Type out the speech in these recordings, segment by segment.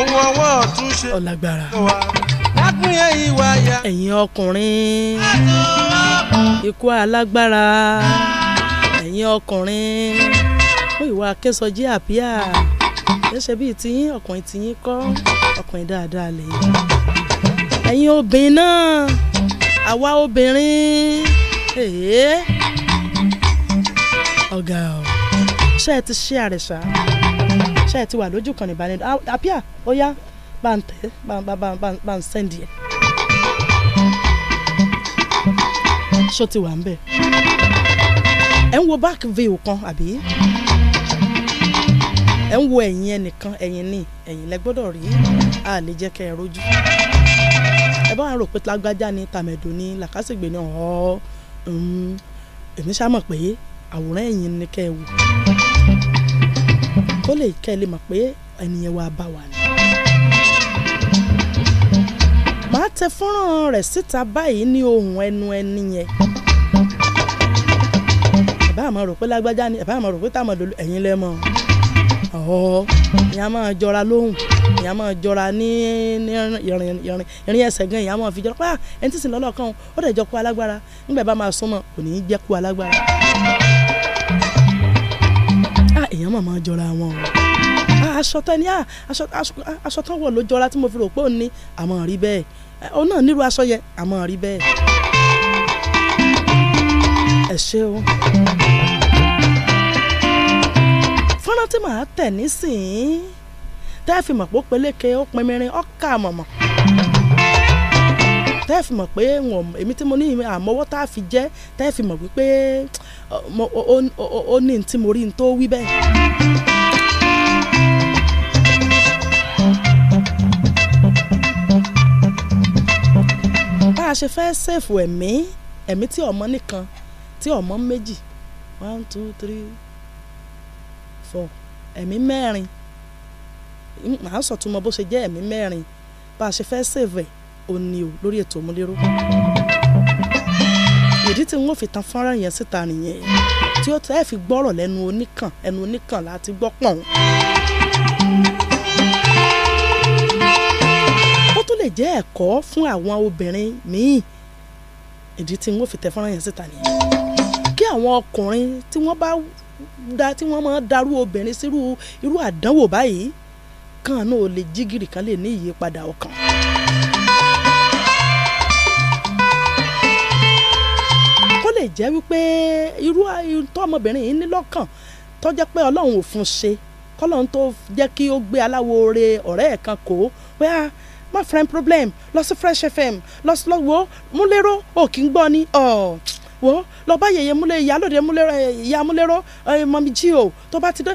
ohun ọwọ́ ọ̀tún ṣe ọ̀làgbàrà lákùnrin ìwà ya. ẹ̀yin ọkùnrin ikú alágbára ẹ̀yin ọkùnrin fún ìwà akẹ́sọjí àbíà ẹ̀ṣẹ̀ bíi tiyín ọkùnrin tiyín kọ́ ọkùnrin dáadáa lè yẹ. ẹ̀yin obìnrin náà àwa obìnrin ọ̀gá ọ̀ ṣe é ti ṣe àrẹ̀ṣà ṣe ti wà lójú kan ìbànú àpíà ó yá bá ń tẹ bá ń sẹ́ndì ẹ̀. ṣó ti wà ń bẹ̀. ẹ̀ ń wo back view kan àbí ẹ̀ ń wo ẹ̀yìn ẹnìkan ẹ̀yìn ni ẹ̀yìn lẹ gbọ́dọ̀ rí a lè jẹ́ kẹ́ ẹ rojú. ẹ bá wà rò pé lágbájá ni tàmẹ̀dò ni làkàṣègbè ni ọ̀ọ́ um, èmi ṣá mọ̀ pé àwòrán ẹ̀yìn ni kẹ́ ẹ wò kó lè kẹ́ ẹ lè mọ̀ pé ẹnìyẹn wàá bá wa ni. màá tẹ fọ́nrán rẹ̀ síta báyìí ní ohùn ẹnu ẹni yẹn ẹ̀bá àmọ́ rò pé lágbájá ni ẹ̀bá àmọ́ rò pé tàmọ̀dò ẹ̀yìn lẹ́mọ̀ ọ̀họ́ ìyá máa jọra lóhùn ìyá máa jọra ní ìrìn ẹsẹ̀ gan ìyá máa fi jọra pé ah, ẹni tí sì lọ́lọ́ kan ó dẹ̀ jọ kú alágbára nígbà bá máa súnmọ́ kò ní í jẹ́ kú alágbára. Ah, èèyàn mọ̀ máa jọra wọn o ah, aṣọ tán ni ah, aṣọ tán wọ̀ ló jọra tí mo fi rò pé òun ni àmọ́ rí bẹ́ẹ̀ eh, òun náà nírú aṣọ yẹn àmọ́ rí bẹ́ẹ̀ ẹ ṣé o fọ́nrán tí màá tẹ̀ nísìnyí tẹ́ fi mọ̀ pé ó peléke ó pinmirin ó kà mọ̀mọ̀ tẹ́ fi mọ̀ pé èmi tí mo ní àmọ́wọ́ tá a fi jẹ́ tẹ́ fi mọ̀ wípé ó ní tí mo rí n tó wí bẹ́ẹ̀. bá a ṣe fẹ́ ṣèfù ẹ̀mí ẹ̀mí tí ọmọ nìkan tí ọmọ méjì one two three four ẹ̀mí mẹ́rin màá sọ̀tún mọ bó ṣe jẹ́ ẹ̀mí mẹ́rin bá a ṣe fẹ́ ṣèfù ẹ̀ òní o lórí ètò òmùlérò ìdí tí wọ́n fi tan fọ́nrán yẹn síta nìyẹn tí ó tẹ́ fi gbọ́rọ̀ lẹ́nu oníkàn ẹnu oníkàn láti gbọ́ pọ̀n. ó tún lè jẹ́ ẹ̀kọ́ fún àwọn obìnrin míì ìdí tí wọ́n fi tẹ fọ́nrán yẹn síta nìyẹn kí àwọn ọkùnrin tí wọ́n bá da tí wọ́n máa darú obìnrin sírú irú àdánwò báyìí kan náà lè jí gìrì kan lè ní ìyípadà ọkàn. jẹ́ wípé irú tọ́mọbìnrin yìí ní lọ́kàn tó jẹ́ pé ọlọ́run ò fún ṣe kọ́lọ́run tó jẹ́ kí ó gbé aláwo re ọ̀rẹ́ ẹ̀ kan kò pé ah my friend problem lọ sí Fresh FM lọ sí lọ́wọ́ múlẹ́rọ́ ò ń gbọ́ ni Oh wò ó lọ bá yèyé múlẹ̀ ìyálòdè ìyá múlẹ̀rọ mọ̀mí jí o tó bá ti dé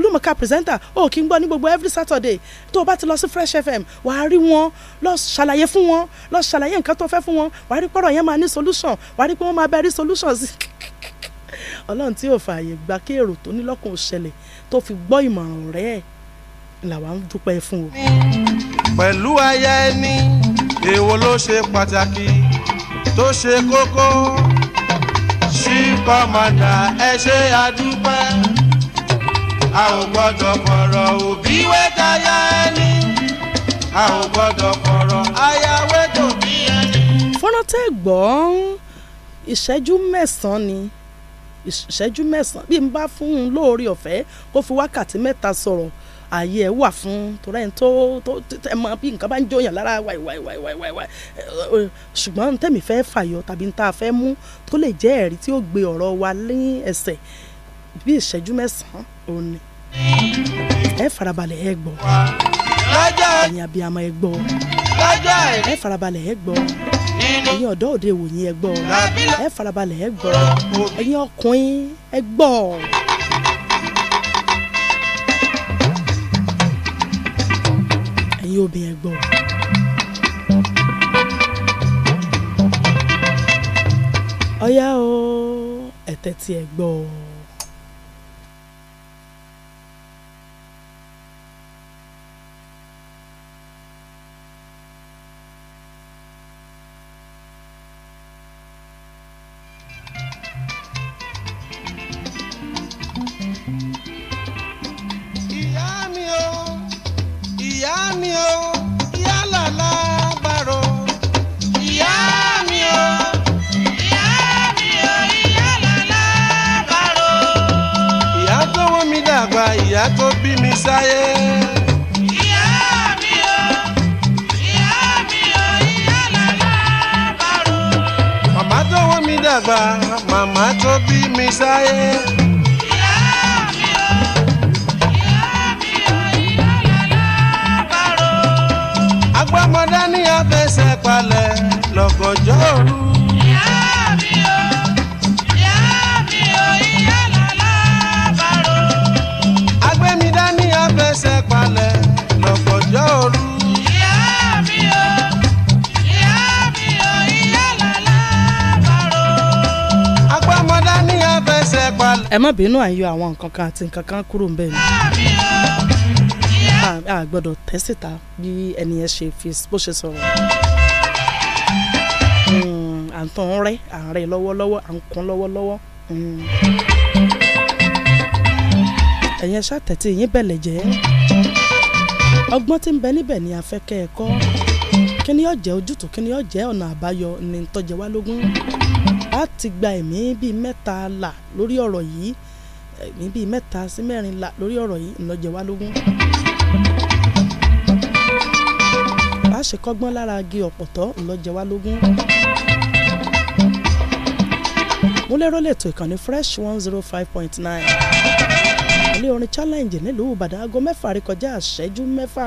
lùmọ̀ká pírẹsẹ́ńtà ó kì í gbọ́ ní gbogbo every Saturday tó o bá ti lọ sí Fresh FM wà á rí wọn lọ ṣàlàyé fún wọn lọ ṣàlàyé nǹkan tó fẹ́ fún wọn wà á rí pọ̀rọ̀ yẹn máa ní solution wà á rí pé wọ́n máa bẹ rí solution sí ọlọ́run tí ò fààyè gbà kí èrò tó ní lọ́kàn òṣẹlẹ̀ tó fi gbọ́ ìmọ̀ràn rẹ̀ làwa ń dúpẹ́ fún o. pẹ̀lú aya ẹni èèwọ̀ ló ṣe pàtàkì tó ṣe kókó sí kọ́mọ̀dà ẹ ṣe àdúpẹ́ a ò gbọ́dọ̀ fọ̀rọ̀ òbí wẹ́tayá ẹni a ò gbọ́dọ̀ fọ̀rọ̀ ayáwé tòbí ẹni. fọ́nrán tẹ́ gbọ́n ìṣẹ́jú mẹ́sàn-án ni ìṣẹ́jú mẹ́sàn-án bí n bá fún un lóore ọ̀fẹ́ kó fi wákàtí mẹ́ta sọ̀rọ̀ ààyè ẹ̀ wà fún torí ẹni tó tó ẹ mọ bí nǹkan bá ń jóyàn lára wáì wáì wáì wáì wáì wáì ṣùgbọ́n tẹ̀mí fẹ́ fàyọ tàbí tá a fẹ́ mú tó lè jẹ́ ẹ̀rí tí ó gbé ọ̀rọ̀ wa ní ẹsẹ̀ bí ìṣẹ́jú mẹ́sàn-án òun ni ẹ farabalẹ̀ ẹ gbọ́ ẹ̀yin abiyamọ ẹ gbọ́ ẹ farabalẹ̀ ẹ gbọ́ ẹ̀yin ọ̀dọ́ òde ìwòyí ẹ gbọ́ ẹ farabalẹ̀ ẹ gbọ́ ẹ̀yin ọkùnrin ẹ gbọ́. ẹ̀yin obìnrin ẹ̀gbọ́n o. ọ̀yá o ẹ̀tẹ̀ tí ẹ gbọ́ o. ìyá mi o ìyá làlá bàrò. ìyá mi o ìyá mi o ìyá làlá bàrò. ìyá tó wọ́n mi dàgbà ìyá tó bí mi sáyé. ìyá mi o ìyá mi o ìyá làlá bàrò. màmá tó wọ́n mi dàgbà màmá tó bí mi sáyé. ẹ má bínú àyọ àwọn nǹkan kan àti nǹkan kan kúrò ń ni a gbọ́dọ̀ tẹ́ síta bí ẹni yẹn ṣe fi bó ṣe sọ̀rọ̀ hmm, à ń tàn ń rẹ́ à ń rẹ́ lọ́wọ́lọ́wọ́ à ń kún lọ́wọ́lọ́wọ́ hmm. ẹ̀yin ẹ̀ṣá tẹ̀tí yín bẹ̀lẹ̀ jẹ́ ọgbọ́n tí ń bẹ níbẹ̀ ni a fẹ́ kẹ́ ẹ kọ́ kí ni yóò jẹ́ ojútùú kí ni yóò jẹ́ ọ̀nà àbáyọ ní tọ́jẹ́ wá lógún a ti gba ẹ̀mí bíi mẹ́ta là lórí ọ̀rọ̀ yìí ẹ̀mí bíi mẹ́ta sí mẹ́rin là lórí ọ̀rọ̀ yìí ńlọjẹ̀ wá lógún. a ṣe kọ́gbọ́n lára agi ọ̀pọ̀tọ́ ńlọjẹ̀ wá lógún. mo lérò lẹ́tọ̀ ìkànnì fresh one zero five point nine ilé orin challenge nílùú Ìbàdàn aago mẹ́fà rí kọjá àṣẹ́jú mẹ́fà.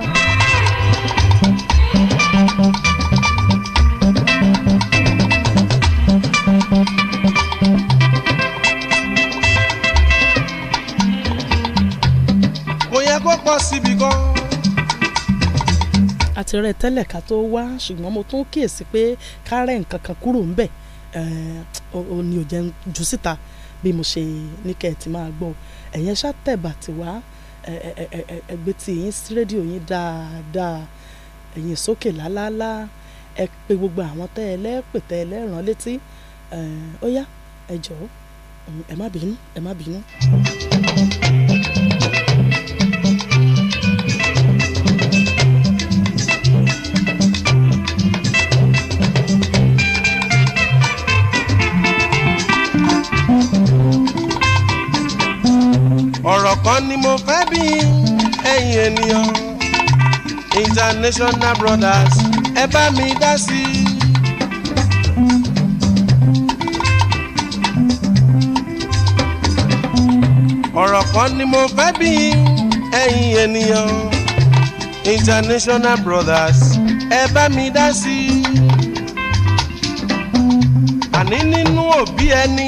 pọ̀ síbi gan. àti rẹ tẹ́lẹ̀ ká tó wá ṣùgbọ́n mo tún kíyèsí pé kárẹ̀ nǹkan kan kúrò ńbẹ̀ ò eh, ní ò jẹ́ jù síta bí mo ṣe ní kẹ́ ẹ̀ ti máa gbọ́ ẹ̀yẹn ṣàtẹ̀bà tí wá ẹgbẹ́ tí yín sí rédíò yín dáadáa ẹ̀yìn sókè lálálá ẹ pé gbogbo àwọn tẹ́ ẹ lẹ́pẹ̀ tẹ́ ẹ lẹ́ràn létí ó yá ẹ jọ̀ọ́ ẹ má bínú ẹ má bínú. ọ̀kan ni mo fẹ́ bí ẹ̀yin ènìyàn international brothers ẹ bá mi dá sí ọ̀rọ̀ kan ni mo fẹ́ bí ẹ̀yin ènìyàn international brothers ẹ bá mi dá sí i. àní nínú òbí ẹni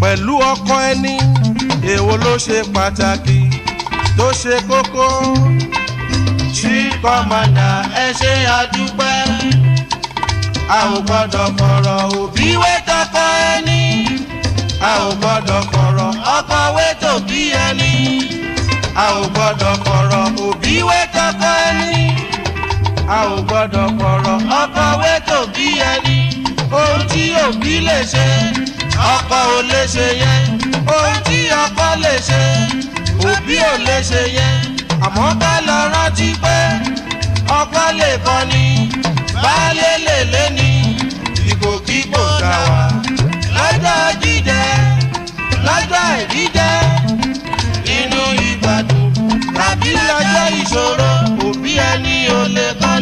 pẹ̀lú ọkọ ẹni èwo ló ṣe pàtàkì tó ṣe kókó. chief commander ẹ ṣe àdúpẹ́ a ò gbọ́dọ̀ fọ̀rọ̀ òbí wé tọkọ ẹni a ò gbọ́dọ̀ fọ̀rọ̀ ọkọ wé tòbí ẹni a ò gbọ́dọ̀ fọ̀rọ̀ òbí wé tọkọ ẹni a gbọ́dọ̀ fọ̀rọ̀ ọkọ wé tòbí ẹni ohun tí òbí lè ṣe ọkọ ò lè ṣe yẹn ohun tí ọkọ lè ṣe òbí ò lè ṣe yẹn àmọ́ ká lọ rántí pé ọkọ lè kọ́ ni baálé lè lé ni ìgbòkígbò gbà wá lọ́jọ́ jíjẹ lọ́jọ́ ìdíjẹ nínú ìgbàdùn tàbí lọ́jọ́ ìṣòro òbí ẹni ò lè kọ́.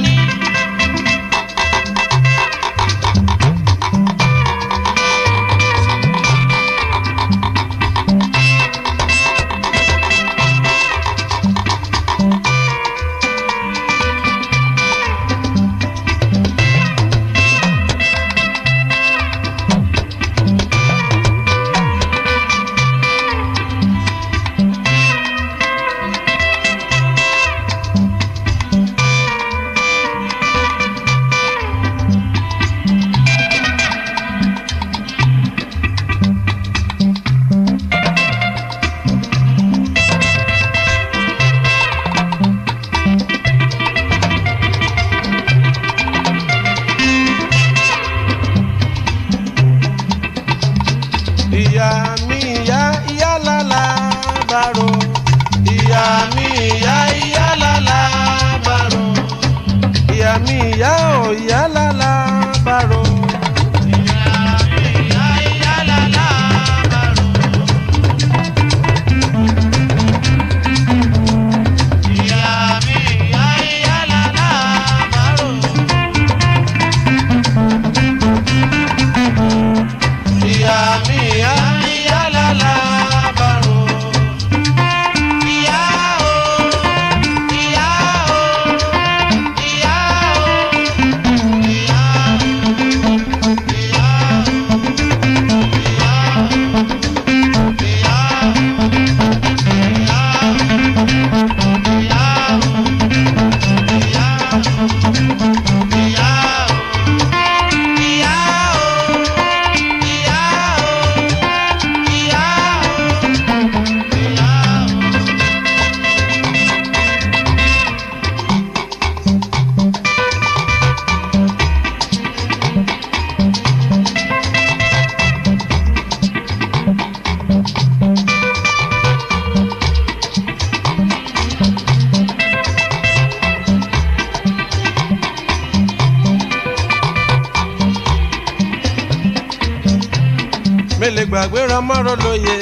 ìgbàgbéra mọ́rọ̀ lóye.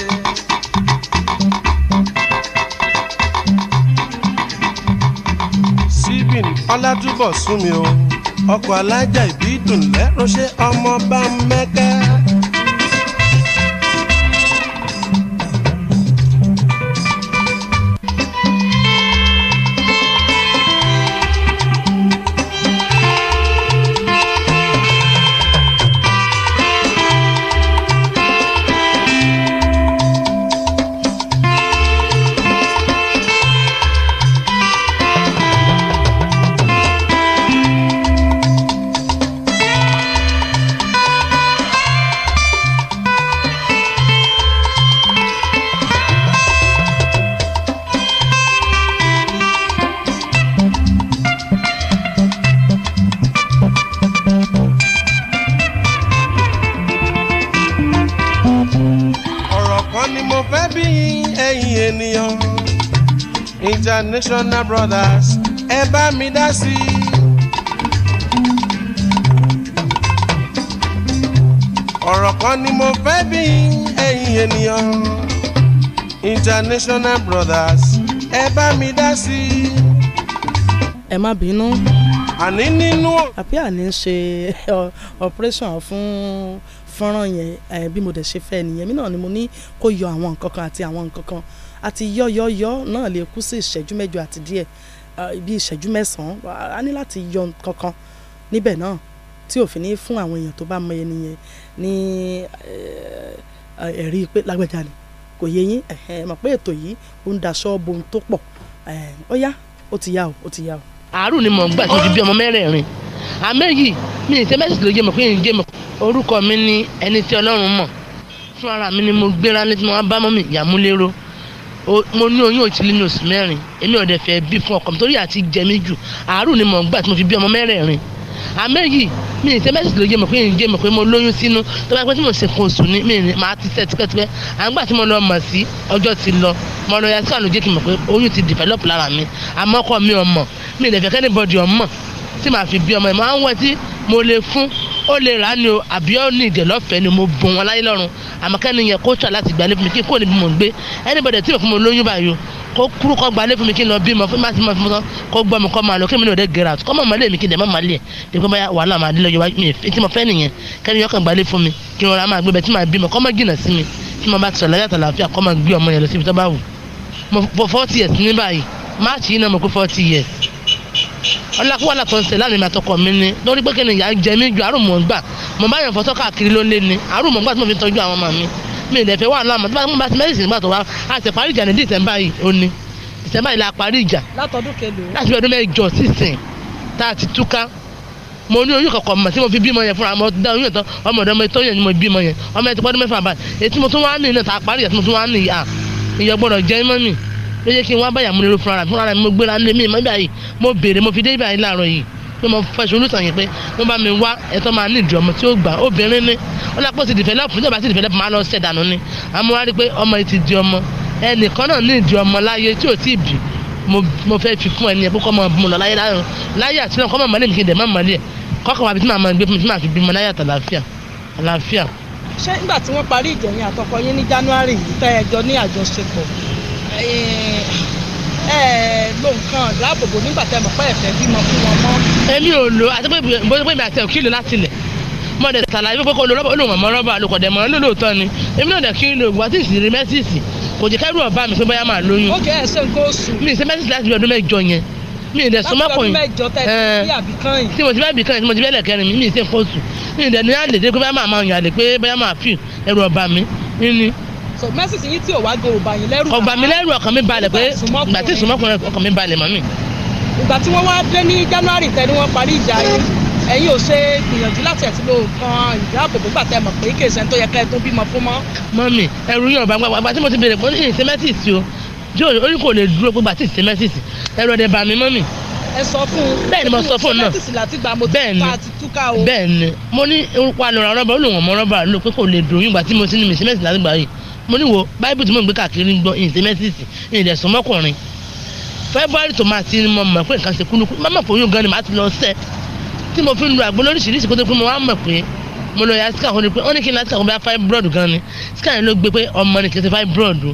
síbìn ọlátúbọ̀ sún mi o ọkọ̀ alájà ìbídùn lẹ́rọ̀ṣẹ́ ọmọ bá mẹ́kẹ́. missionary brothers ẹ bá mi dá sí i. ọ̀rọ̀ kan ni mo fẹ́ bí ẹ̀yin ènìyàn international brothers ẹ bá mi dá sí i. ẹ má bínú. àní nínú. àbí àní ń ṣe operation fún fọ́nrán yẹn bí mo dẹ̀ ṣe fẹ́ nìyẹn mi náà ni mo ní kó yọ àwọn nǹkan kan àti àwọn nǹkan kan àti yọ́yọ́yọ́ náà lè kú sí ìṣẹ́jú mẹ́jọ àti díẹ̀ bí ìṣẹ́jú mẹ́sàn-án a ní láti yọ kankan níbẹ̀ náà tí òfin ní fún àwọn èèyàn tó bá mọ ẹni yẹn ní ẹ̀rí pé lágbẹ́jà ni kò yé yín mọ̀ pé ètò yìí ó ń daṣọ́ bohun tó pọ̀ ó yá ó ti yá o ó ti yá o. àárò ni mò ń gbà tó di bí ọmọ mẹ́rẹ̀ẹ̀rin àmẹ́yì mi ì ṣe mẹ́sìtì ló jẹ́ mọ̀ pé ì ń jẹ́ mọ̀ orúkọ mi ni ẹni tí Ọlọ́run mọ̀ fún ara mi ni mo gbéra ní tí mo bá mọ́ mi ìyàmúlérò mo ní oyún òtí lé ní oṣù mẹ́rin èmi ò dẹ̀ fẹ́ bí fún ọkọ mi torí àti jẹ mí jù àárò ni mò ń gbà tí mo fi bí ọmọ mẹ́rẹ̀ẹ̀rin àmẹ́yì mi ìṣe mẹ́sìsì ló yé mi pé ń yé mi pé mo lóyún sínú tó bá pẹ́ tí mo ṣe kó oṣù ni mi ní màá ti ṣe tipẹ́tipẹ́ àgbà tí mo lọ mọ̀ sí ọjọ́ ti lọ mo lọ yàtí àlọ́ jẹ́ kí n mọ̀ pé oyún ti develop lára mi àmọ́ ọkọ mi ò mi ìdẹ̀fẹ́ kẹ́nìbọ̀dì ò mọ̀ tí màá fi bí ọmọ ẹ̀ máa ń wẹ̀ tí mo lè fún ó lè rà á ni o àbí ó ní ìdè ni mo bùn wọn láyé lọ́rùn àmọ́ yẹn kó tà láti gbà lé mi kí n níbi mò ń gbé anybody tí mo fún mi lóyún báyìí kó kúrú kọ́ gbalẹ̀ fún mi kí n lọ bí mo fún mi fún mi kó gbọ́ mi kọ́ máa lọ kí mi ní òde gẹ̀rẹ́ àti kọ́ mọ̀ mọ́lẹ̀ mi kí n dẹ̀ mọ́ mọ́lẹ̀ dípẹ́ bá wàhálà máa dé lọ́jọ́ mi tí mo fẹ́ nìyẹn kẹ́ni yẹn kàn gbalẹ̀ fún mi kí n rọra máa gbé bẹ́ẹ̀ tí màá bí mo kọ́ mọ́ jìnnà sí mi tí mo bá ti sọ̀rọ̀ láyàtọ̀ làáfíà kọ́ máa gbé ọmọ yẹn lọ síbi tó bá wù mo forty years ní báyìí máàcì yìí náà mo kó forty years ọlákùwàlà tó ń ṣe láàrin mi àtọkọ mi ni lórí pé kíni ìyá ń jẹ mí ju àrùn mọ̀ ń gbà mo bá yàn fọ́tọ́ káàkiri ló lé ni àrùn mọ̀ ń gbà tí mo fi tọ́jú àwọn ọmọ mi mi ì lẹ́fẹ̀ẹ́ wà láàmú tí wọ́n bá ti mẹ́rìndínlẹ́sì nígbà tó wá àti parí ìjà ní dìsẹ́mbà yìí ó ní dìsẹ́mbà yìí la parí ìjà láti ọdún mẹ́jọ sísìn tá a ti túká mo ní oyún kọ̀kọ̀ mọ̀ tí mo fi bímọ yẹn fúnra mo da oyún ìtàn ọmọ ọ̀dọ́ ọmọ ìtọ́yẹ̀ ni mo bímọ yẹn ọmọ ẹ̀ ti pọ́dún mẹ́fà báyìí èyí tí mo tún wá ní ìnáta parí ìyá tí mo tún wá ní ìyá ìyọ̀gbọ́dọ̀ jẹ́ mọ́mì ló yẹ kí n wá báyà múnirú fúnra rẹ̀ fúnra rẹ̀ mo gbéra ní mi mọ́bí àyè mo béèrè mo fi dé ibàyè láàárọ̀ yìí pé mo fẹ́ solúsàn yìí pé wọ́n bá mi wá ẹ̀tọ́ máa ní ìdí ọmọ tí ó gbà obìnrin ni wọ́n lápò ti dìfẹ́lẹ́pù níjọba ti dìfẹ́lẹ́pù máa lọ ṣẹ̀ dànù ni àmọ́ wá rí i pé ọmọ yìí ti di ọmọ ẹnìkan náà ní ìdí ọmọ láyé tí ò tí ì bì mo fẹ́ fi fún ẹni ẹ̀ kókọ́ mọ̀ mọ̀ láyé láyé àti náà kọ́ mọ̀ mọ́lẹ̀ mi kì í dẹ̀ mọ̀ mọ́lẹ̀ kọ́kọ́ wà bí tí màá máa gbé fún mi tí màá fi bímọ láyé àtàlàáfíà àlàáfíà. ṣé nígbà tí wọ́n parí ìjẹ̀yìn àtọkọ yín ní January tẹ́ ẹjọ́ ní àjọṣepọ̀ lo nǹkan ìdáàbòbò nígbà tẹ́ mọ̀ pé ẹ̀fẹ́ bímọ fún wọn mọ́. èmi ò lo àti pé bóyá èmi àti ẹ̀ kí ló láti lẹ̀ mo dẹ̀ ṣàlàyé pé kó lo rọ́bà olùmọ̀mọ́ rọ́bà olùkọ̀dẹ̀ mọ́ lóòótọ́ ni èmi náà dẹ̀ kí lo ògùn àti ìsìnrí mẹ́sìsì kò jẹ́ kẹ́rù ọ̀bá mi pé bóyá máa lóyún. ó jẹ́ ẹsẹ̀ nǹkan oṣù. mi ìṣe mẹ́sìsì láti bí ọdún mẹ́jọ yẹn mi ìdẹ̀ sọmọ kò yín tí mo ti bẹ́ẹ̀ bì kan yìí tí mo ti bẹ́ẹ̀ lẹ̀kẹ́rin mi mi ìṣe nǹkan oṣù mi ìdẹ̀ ní àlè dé pé bóyá máa máa yàn àlè pé bóyá máa fi ẹrù ọ̀bá mi ní so mẹ́sìsì yín tí ò wá gan òbá yín lẹ́rù. mi lẹ́rù ọkàn mi balẹ̀ pé ìgbà tí ìsúnmọ́kùnrin ọkàn mi balẹ̀ mọ́ mi. ìgbà tí wọ́n wá dé ní january tẹ́ wọ́n parí ìjà yìí ẹ̀yin ò ṣe gbìyànjú láti ẹ̀ tí lo nǹkan ìdáàbòbò gbà tẹ́ mọ̀ pé kì í tó yẹ ká ẹ tó bímọ fún mọ́. mọ́mì ẹ̀rù yín ọ̀bà àgbà tí mo ti bèrè pé ní ìsẹ́mẹ́tìsì o yóò orí kò lè dúró pé bàtí ìsẹ́mẹ́tìsì ẹ̀rù ọ̀dẹ̀ bà mí mọ́mì ẹ sọ fún un bẹ́ẹ̀ ni mo sọ fún un náà bẹ́ẹ̀ ni bẹ́ẹ̀ ni mo ní orúkọ àlọ rọba olùwọ̀n mọ rọba lò pé kò lè dùn yín ìgbà tí mo ti ní mi sẹmẹsì láti gbà yìí mo ní wo báíbù tí mo ń gbé káàkiri ń gbọ́ ìǹsẹ́mẹ́sìsì ìǹdẹ̀sùnmọ́kùnrin february tó máa ti ní mo mọ̀ pé nǹkan ṣe kúnnukún má mọ̀ pé oyún gan ni màá ti lọ sẹ́ tí mo fi ń lo àgbo lóríṣiríṣi kó tó pé mo wá mọ̀ pé mo lọ ya sika kan ni pé ó ní kí n la sika kan bí i fibroid gan ni sika yẹn ló gbé pé ọmọ ni kì í ṣe fibroid o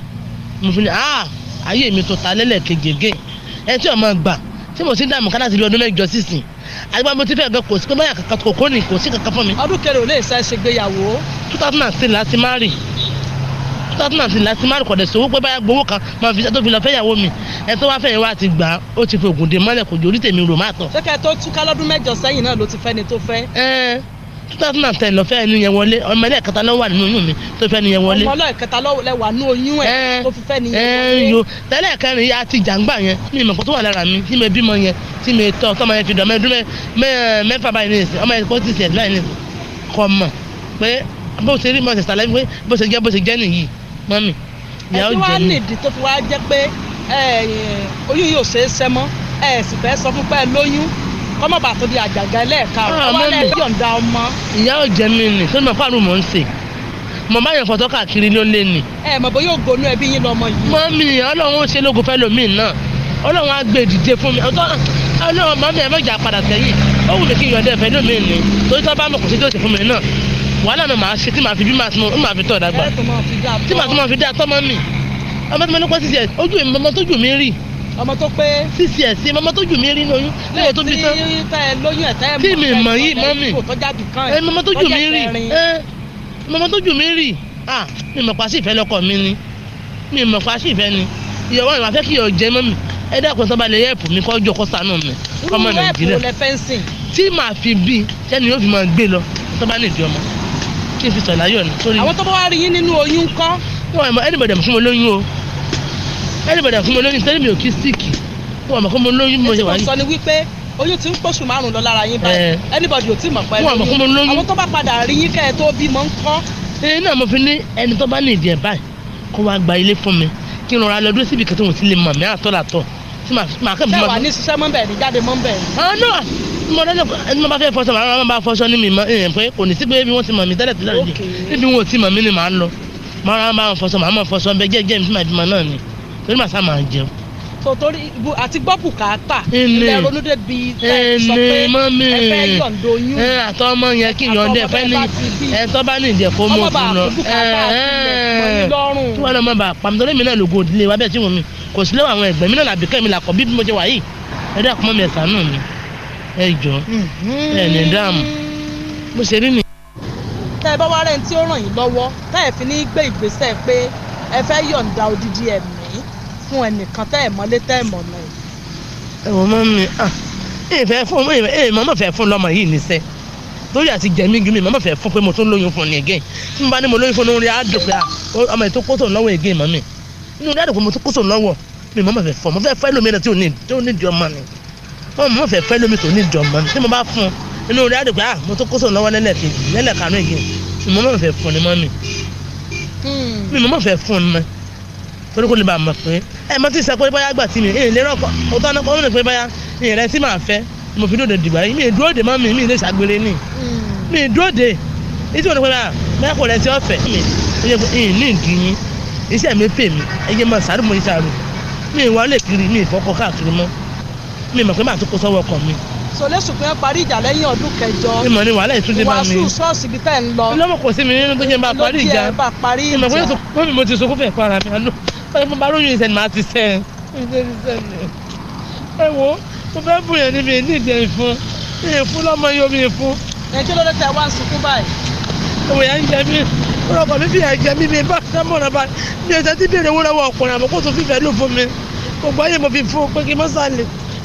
mo fi ní ah ayé mi tó ta lẹ́lẹ̀ kegege ẹ tí ọmọ gbà tí mo ti ń dààmú kánà sí ibi ọdún mẹ́jọ sísìn àgbà mo ti fẹ́ gan kò sí pé báyà kankan kò kò sí kankan fún mi. ọdún kẹrin ò lè ṣe é ṣègbéyàwó. two thousand and three láti má rìn two thousand and six láti márùn kọ̀dẹ̀ sówó pé báyà gbowó kan máa fi tó fi lọ fẹ́yàwó mi ẹ tó wá fẹ́yìn wá ti gbà ó ti fi ògùn dè mọ́lẹ̀ kò ju orí tèmi rò má tọ̀. sẹ́kẹ̀ tó túká lọ́dún mẹ́jọ sẹ́yìn náà ló ti fẹ́ ni tó fẹ́. ẹẹ two thousand and ten lọ́fẹ́ ẹni yẹn wọlé ọmọ ẹlẹ́ẹ̀kẹta ló wà nínú oyún mi tó fẹ́ ni yẹn wọlé. ọmọ ẹlẹ́ẹ̀kẹta ló wà nínú oyún ẹ̀ tó fi fẹ́ ni yẹn wọlé. yo tẹ́lẹ̀ kẹrin ya mọ́mì ìyá ò jẹ́ mi. ẹ tí wàá nìdí tó fi wá jẹ́ pé oyún yóò ṣe é ṣẹ́ mọ́ ẹ sì fẹ́ sọ fún pé lóyún kọ́mọ̀ bá tó di àjàgà ẹlẹ́ẹ̀ka ọ̀wọ́n lẹ́ yọ̀ǹda ọmọ. ìyá ò jẹ́ mi nì sọ́nà fáàrù mò ń sè mọ̀ bá yẹn fọ́tọ́ káàkiri ló lé ni. ẹ mọ̀ bó yóò gonú ẹbí yín lọmọ yìí. mọ́mì ọlọ́run ó ṣe lógo fẹ́ lómi náà ọlọ́run á gbé dìde fún mi ọ̀tọ́ ọlọ́run mọ́mì ẹ̀ mọ́jà padà sẹ́yìn ó wù mí kí yọ̀ǹda ẹ̀fẹ́ lómi ni torí tó bá kò sí tó ṣe fún mi náà wàhálà náà màá ṣe tí màá fi bí màá tún màá fi tọ̀ dàgbà tí màá tún màá fi dá tọ́mọ mi ọmọ tí mo ní kọ́ sísè ojú mi ọmọ tójú mi rí ọmọ tó pé sísè ẹ̀sìn ọmọ tójú mi rí lóyún lóyún tó bí tán tí mi mọ̀ yìí mọ́ mi ọmọ tójú mi rí ọmọ tójú mi rí mi mọ̀ pàṣẹ ìfẹ́ lọ́kọ mi ni mi mọ̀ pàṣẹ ìfẹ́ ni ìyàwó mi máa fẹ́ kí ìyàwó jẹ mọ́ mi ẹ dákun sọ́ba lè yẹ̀pù mi kọ́jọ́ kó sànù mi ọmọ nàìjíríà tí màá fi bí sẹ́ni yóò fi máa gbé lọ sọ́ba nídìí ọmọ kí n fi tàn láyọ̀ ni. àwọn tó bá wá rí yín nínú oyún ń kọ́. wọ́n mọ̀ ẹnìbọdà fún mi lóyún o ẹnìbọdà fún mi lóyún tẹ́lẹ̀ mi ò kí síìkì wọ́n mọ̀ kó mo lóyún mo ṣe wáyé. ètò ìsọ ni wípé oyún ti ń pọ̀ṣù márùn lọ lára yín báyìí eh. anybody ò tí mọ̀ pẹ́ lóyún àwọn tó bá padà rí yín kẹ́ ẹ tó bímọ ń kọ́. ẹni náà mo fi ní ẹni tó bá ní ìdí ẹ̀ báyìí kó wá gba ilé fún mi kí n rọra lọ dúró síbi kẹtọ́ wọn ti lè mọ̀ mí àtọ́ làtọ̀ tí màá kẹ́ mi mọ̀. sẹ́wà ní ṣiṣẹ́ mọ́ bẹ́ẹ̀ ni mo ẹni máa bá fẹ́ fọṣọ máa bá fọṣọ ní mi mọ́ pé kò ní sí pé ibi wọ́n ti mọ̀ mí tẹ́lẹ̀ tẹ́lẹ̀ rẹ̀ níbi wọn ò tí mọ̀ mí ni màá lọ màá máa fọṣọ màá máa fọṣọ bẹ́ẹ̀ jẹ́ jẹ́ tí màá bímọ náà ni torí màá sá máa jẹun torí ibu àti gbọ́ bùkátà ilẹ̀ ronú dé bi sọ pé ẹ fẹ́ yọ̀ǹdo yún àtọ́ ọmọ yẹn kí yọ̀ǹde ẹ fẹ́ ní ẹ tọ́ bá ní ìjẹ́ kó fún lọ ẹ ẹ ẹ jọ ẹ ní dààmú bó ṣe rí nìyí. tẹ ẹ bá wá rẹ ní tí ó ràn yín lọ́wọ́ tá ẹ fi ní gbé ìgbésẹ̀ pé ẹ fẹ́ yọ̀ǹda odidi ẹ̀mí fún ẹnìkan tẹ́ ẹ̀ mọ́lé tẹ́ ẹ̀ mọ̀ náà. ẹ wò mọ mi ah, èèfẹ́ fún èèyàn mọ́ fẹ́ fún lọ́mọ yìí níṣẹ́ lórí àti jẹ̀mí gbìmí mọ́ fẹ́ fún pé mo tún lóyún fún ni again tí mo bá ní mo lóyún fún lórí àdùpẹ́ ah, ọmọ ètò kótó lọ́wọ́ again mọ́ mi inú rí àdùpẹ́ mo tún kótó lọ́wọ́ mi mọ́ fẹ́ fọ́ mo fẹ́ fẹ́ lómi rẹ̀ tí ò ní di ọmọ ni wọn mọ̀ fẹ́ fẹ́ lómi tó ní ìjọba tí mo bá fún un inú rẹ̀ àdìgbà ah, mo tó kó sóun lọ́wọ́ lẹ́lẹ́kejì lẹ́lẹ́kanú yìí ni mo mọ̀ fẹ́ fún ni mọ́ mi hmm. mi mo mọ̀ fẹ́ fún ni torí kò lè bá a mọ̀ pé ẹ mọ̀ tí ì pé báyà gbà tí mi ìyìn lérò ọ̀tọ́ náà kọ́ pé báyà ìyìn rẹ̀ tí màá mo fi dúró de yìí mi dúró de mọ́ mi mi lè ṣàgbére ni hmm. mi dúró de ìtí ni pé báyà ah, báyà kò rẹ̀ sí ọ̀fẹ́ ìyìn ní ìdí iṣẹ́ mi pè mí ẹ̀yẹ́ mọ̀ sáré mo ṣàrò mi ì lè kiri mi ì káàkiri mọ́ mi mọ̀ pé màá tún kó sọ́wọ́ ọkọ mi. sọlẹ́ sùpẹ́ parí ìjà lẹ́yìn ọdún kẹjọ. ìmọ̀ ni wàhálà ìtúndé máa mi. wàásù sọ́ọ̀sì bíi tẹ́ ń lọ. lọ́mọ kò sí mi nínú pé kí n bá parí ìjà. ìmọ̀ pé kó mi mo ti sunkún fẹ̀ para mi àná pé mo bá lóyún ìsẹ̀ni máa ti sẹ́ ẹ wo mo fẹ́ bùn yẹn níbi nídìí ẹ̀ fún ẹ̀ fún lọ́mọ yóò mi fún. ẹ kí ló dé tẹ wá sunkún báyìí. ìwé yẹn ń jẹ mí ọkọ mi fìyà jẹ mí mi bá sámọ̀nà bá mi ò sẹ́tí bèrè owó lọ́wọ́ ọkùnrin àmọ́ kó tó fífẹ́ lò fún mi gbogbo ayé mo fi fún pé kí n mọ́ sálẹ̀.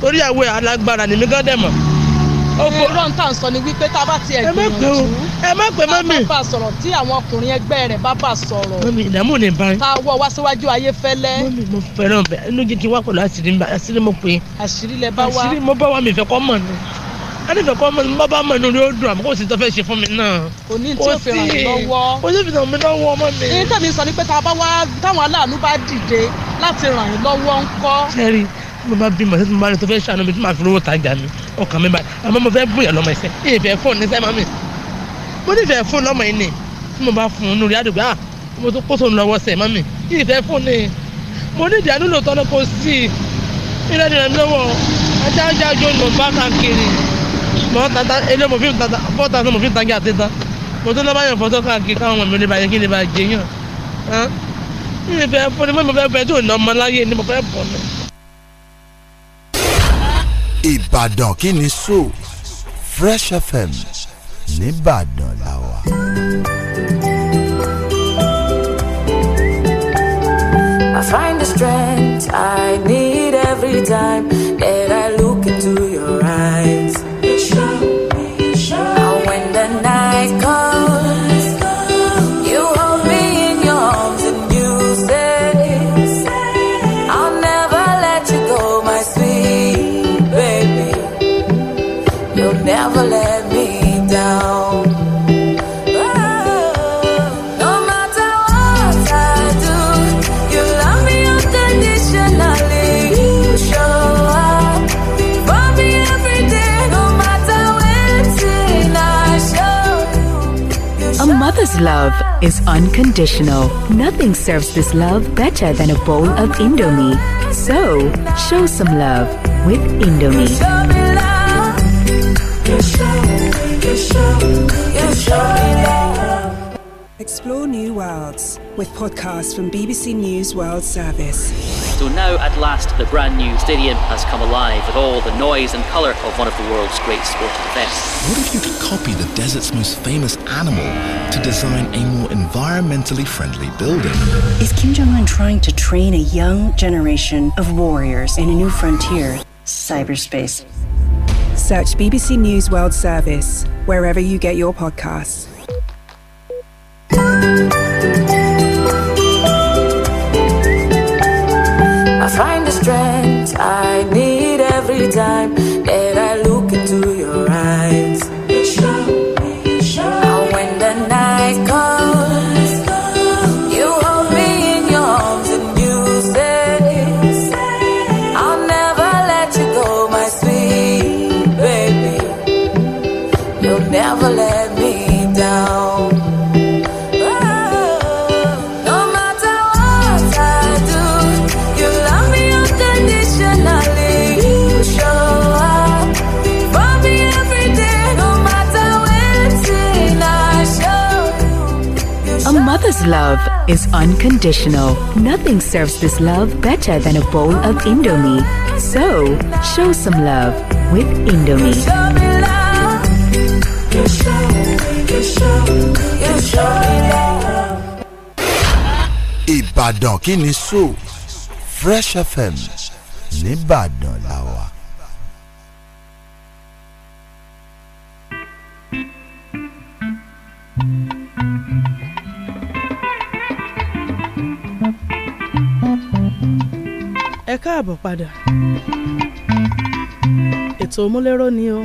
torí àwẹ̀ alágbára nìmi gan dẹ̀ mọ̀. èrò ń tà ń sọ ni wípé tá a bá ti ẹ̀ gbìyànjú ẹ má pè mọ́mì tá a bá sọ̀rọ̀ tí àwọn ọkùnrin ẹgbẹ́ rẹ̀ bá bá sọ̀rọ̀ ìdààmú ni bá yín tá wá síwájú ayé fẹ́lẹ́. mo fẹ́ràn bẹ́ẹ̀ inú jíjí wá pẹ̀lú àṣírí àṣírí mo pè é. àṣírí lẹ bá wá àṣírí mo bá wá mi ìfẹ́ kọ́ mọ̀ ni ẹnìfẹ̀ kọ́ mọ̀ ní bá bá inú rẹ̀ dùn àmọ́ kò sí tó fẹ́ fún mi náà. kò ní tí ò fi ràn mí lọ́wọ́. kò sí fi ràn mí lọ́wọ́ ọmọ mi. ní tẹ̀mí sọ ni pé táwọn aláàánú bá dìde láti ràn yín lọ́wọ́ ńkọ́. sẹ́rí mo bá bímọ sí mo bá ní tó fẹ́ ṣàánú mi tó máa fi owó tajà mi ọkàn mi báyìí àmọ́ mo fẹ́ bóyá lọ́mọ ẹsẹ̀ ìfẹ́ fún ní sẹ́mọ́ mi mo ní ìfẹ́ fún lọ́mọ ẹni tí mo bá fún un lórí àdùgbà ah, mo tó kó sóun lọ́wọ́ sẹ́mọ́ mi ìfẹ́ fún ni mo ní ìdí àdúgbò tọ́lọ́ kó sí i ilé ìrìn lọ́wọ́ ajá ajá jó ló bá káàkiri mo tata ilé mo fi tata bọ́ta mo fi tagi àti tán mo tó lọ́bàá yàn fọ́tọ́ káàkiri káwọn ọmọ mi lè bàjẹ́ kí n lè bàjẹ́ yàn ìfẹ́ fún ni mo fẹ́ bẹ́ẹ̀ tó ìnà ọmọ láyé ni mo fẹ́ bọ̀ náà. Ìbàdàn kí ni so Fresh FM nìbàdàn la wà. I find the strength I need every time that I look into your eyes. It's your love is unconditional. Nothing serves this love better than a bowl of Indomie. So, show some love with Indomie. Explore new worlds with podcasts from BBC News World Service. So now the brand new stadium has come alive with all the noise and colour of one of the world's great sporting events. What if you could copy the desert's most famous animal to design a more environmentally friendly building? Is Kim Jong un trying to train a young generation of warriors in a new frontier, cyberspace? Search BBC News World Service wherever you get your podcasts. I need every time His love is unconditional. Nothing serves this love better than a bowl of Indomie. So, show some love with Indomie. Ibadan Kini Fresh FM, Nibadan Lawa. káàbọ̀ padà. ètò òmúlérò ni o.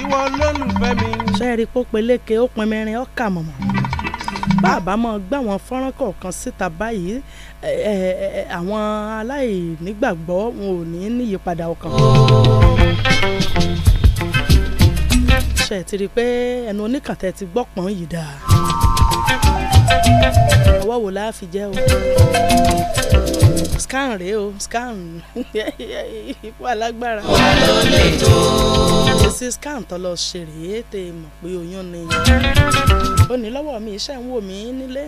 ìwọ olólùfẹ́ mi. sẹ́ẹ̀rì kó peléke ó pin mẹ́rin ó kà mọ̀mọ́. bàbá mọ́ gbá àwọn fọ́nrán kọ̀ọ̀kan síta báyìí àwọn aláìnígbàgbọ́ wọn ò ní níyípadà ọkàn. ṣe ti rí i pé ẹnu oníkàtẹ́ ti gbọ́pọ̀n yìí dáa ọwọ́ wo la fi jẹ́ o scan rèé o scan ipò alágbára èsì scan tó lọ ṣe rèé tè mọ̀ pé oyún ni ó ní lọ́wọ́ mi iṣẹ́ ń wò mí nílé.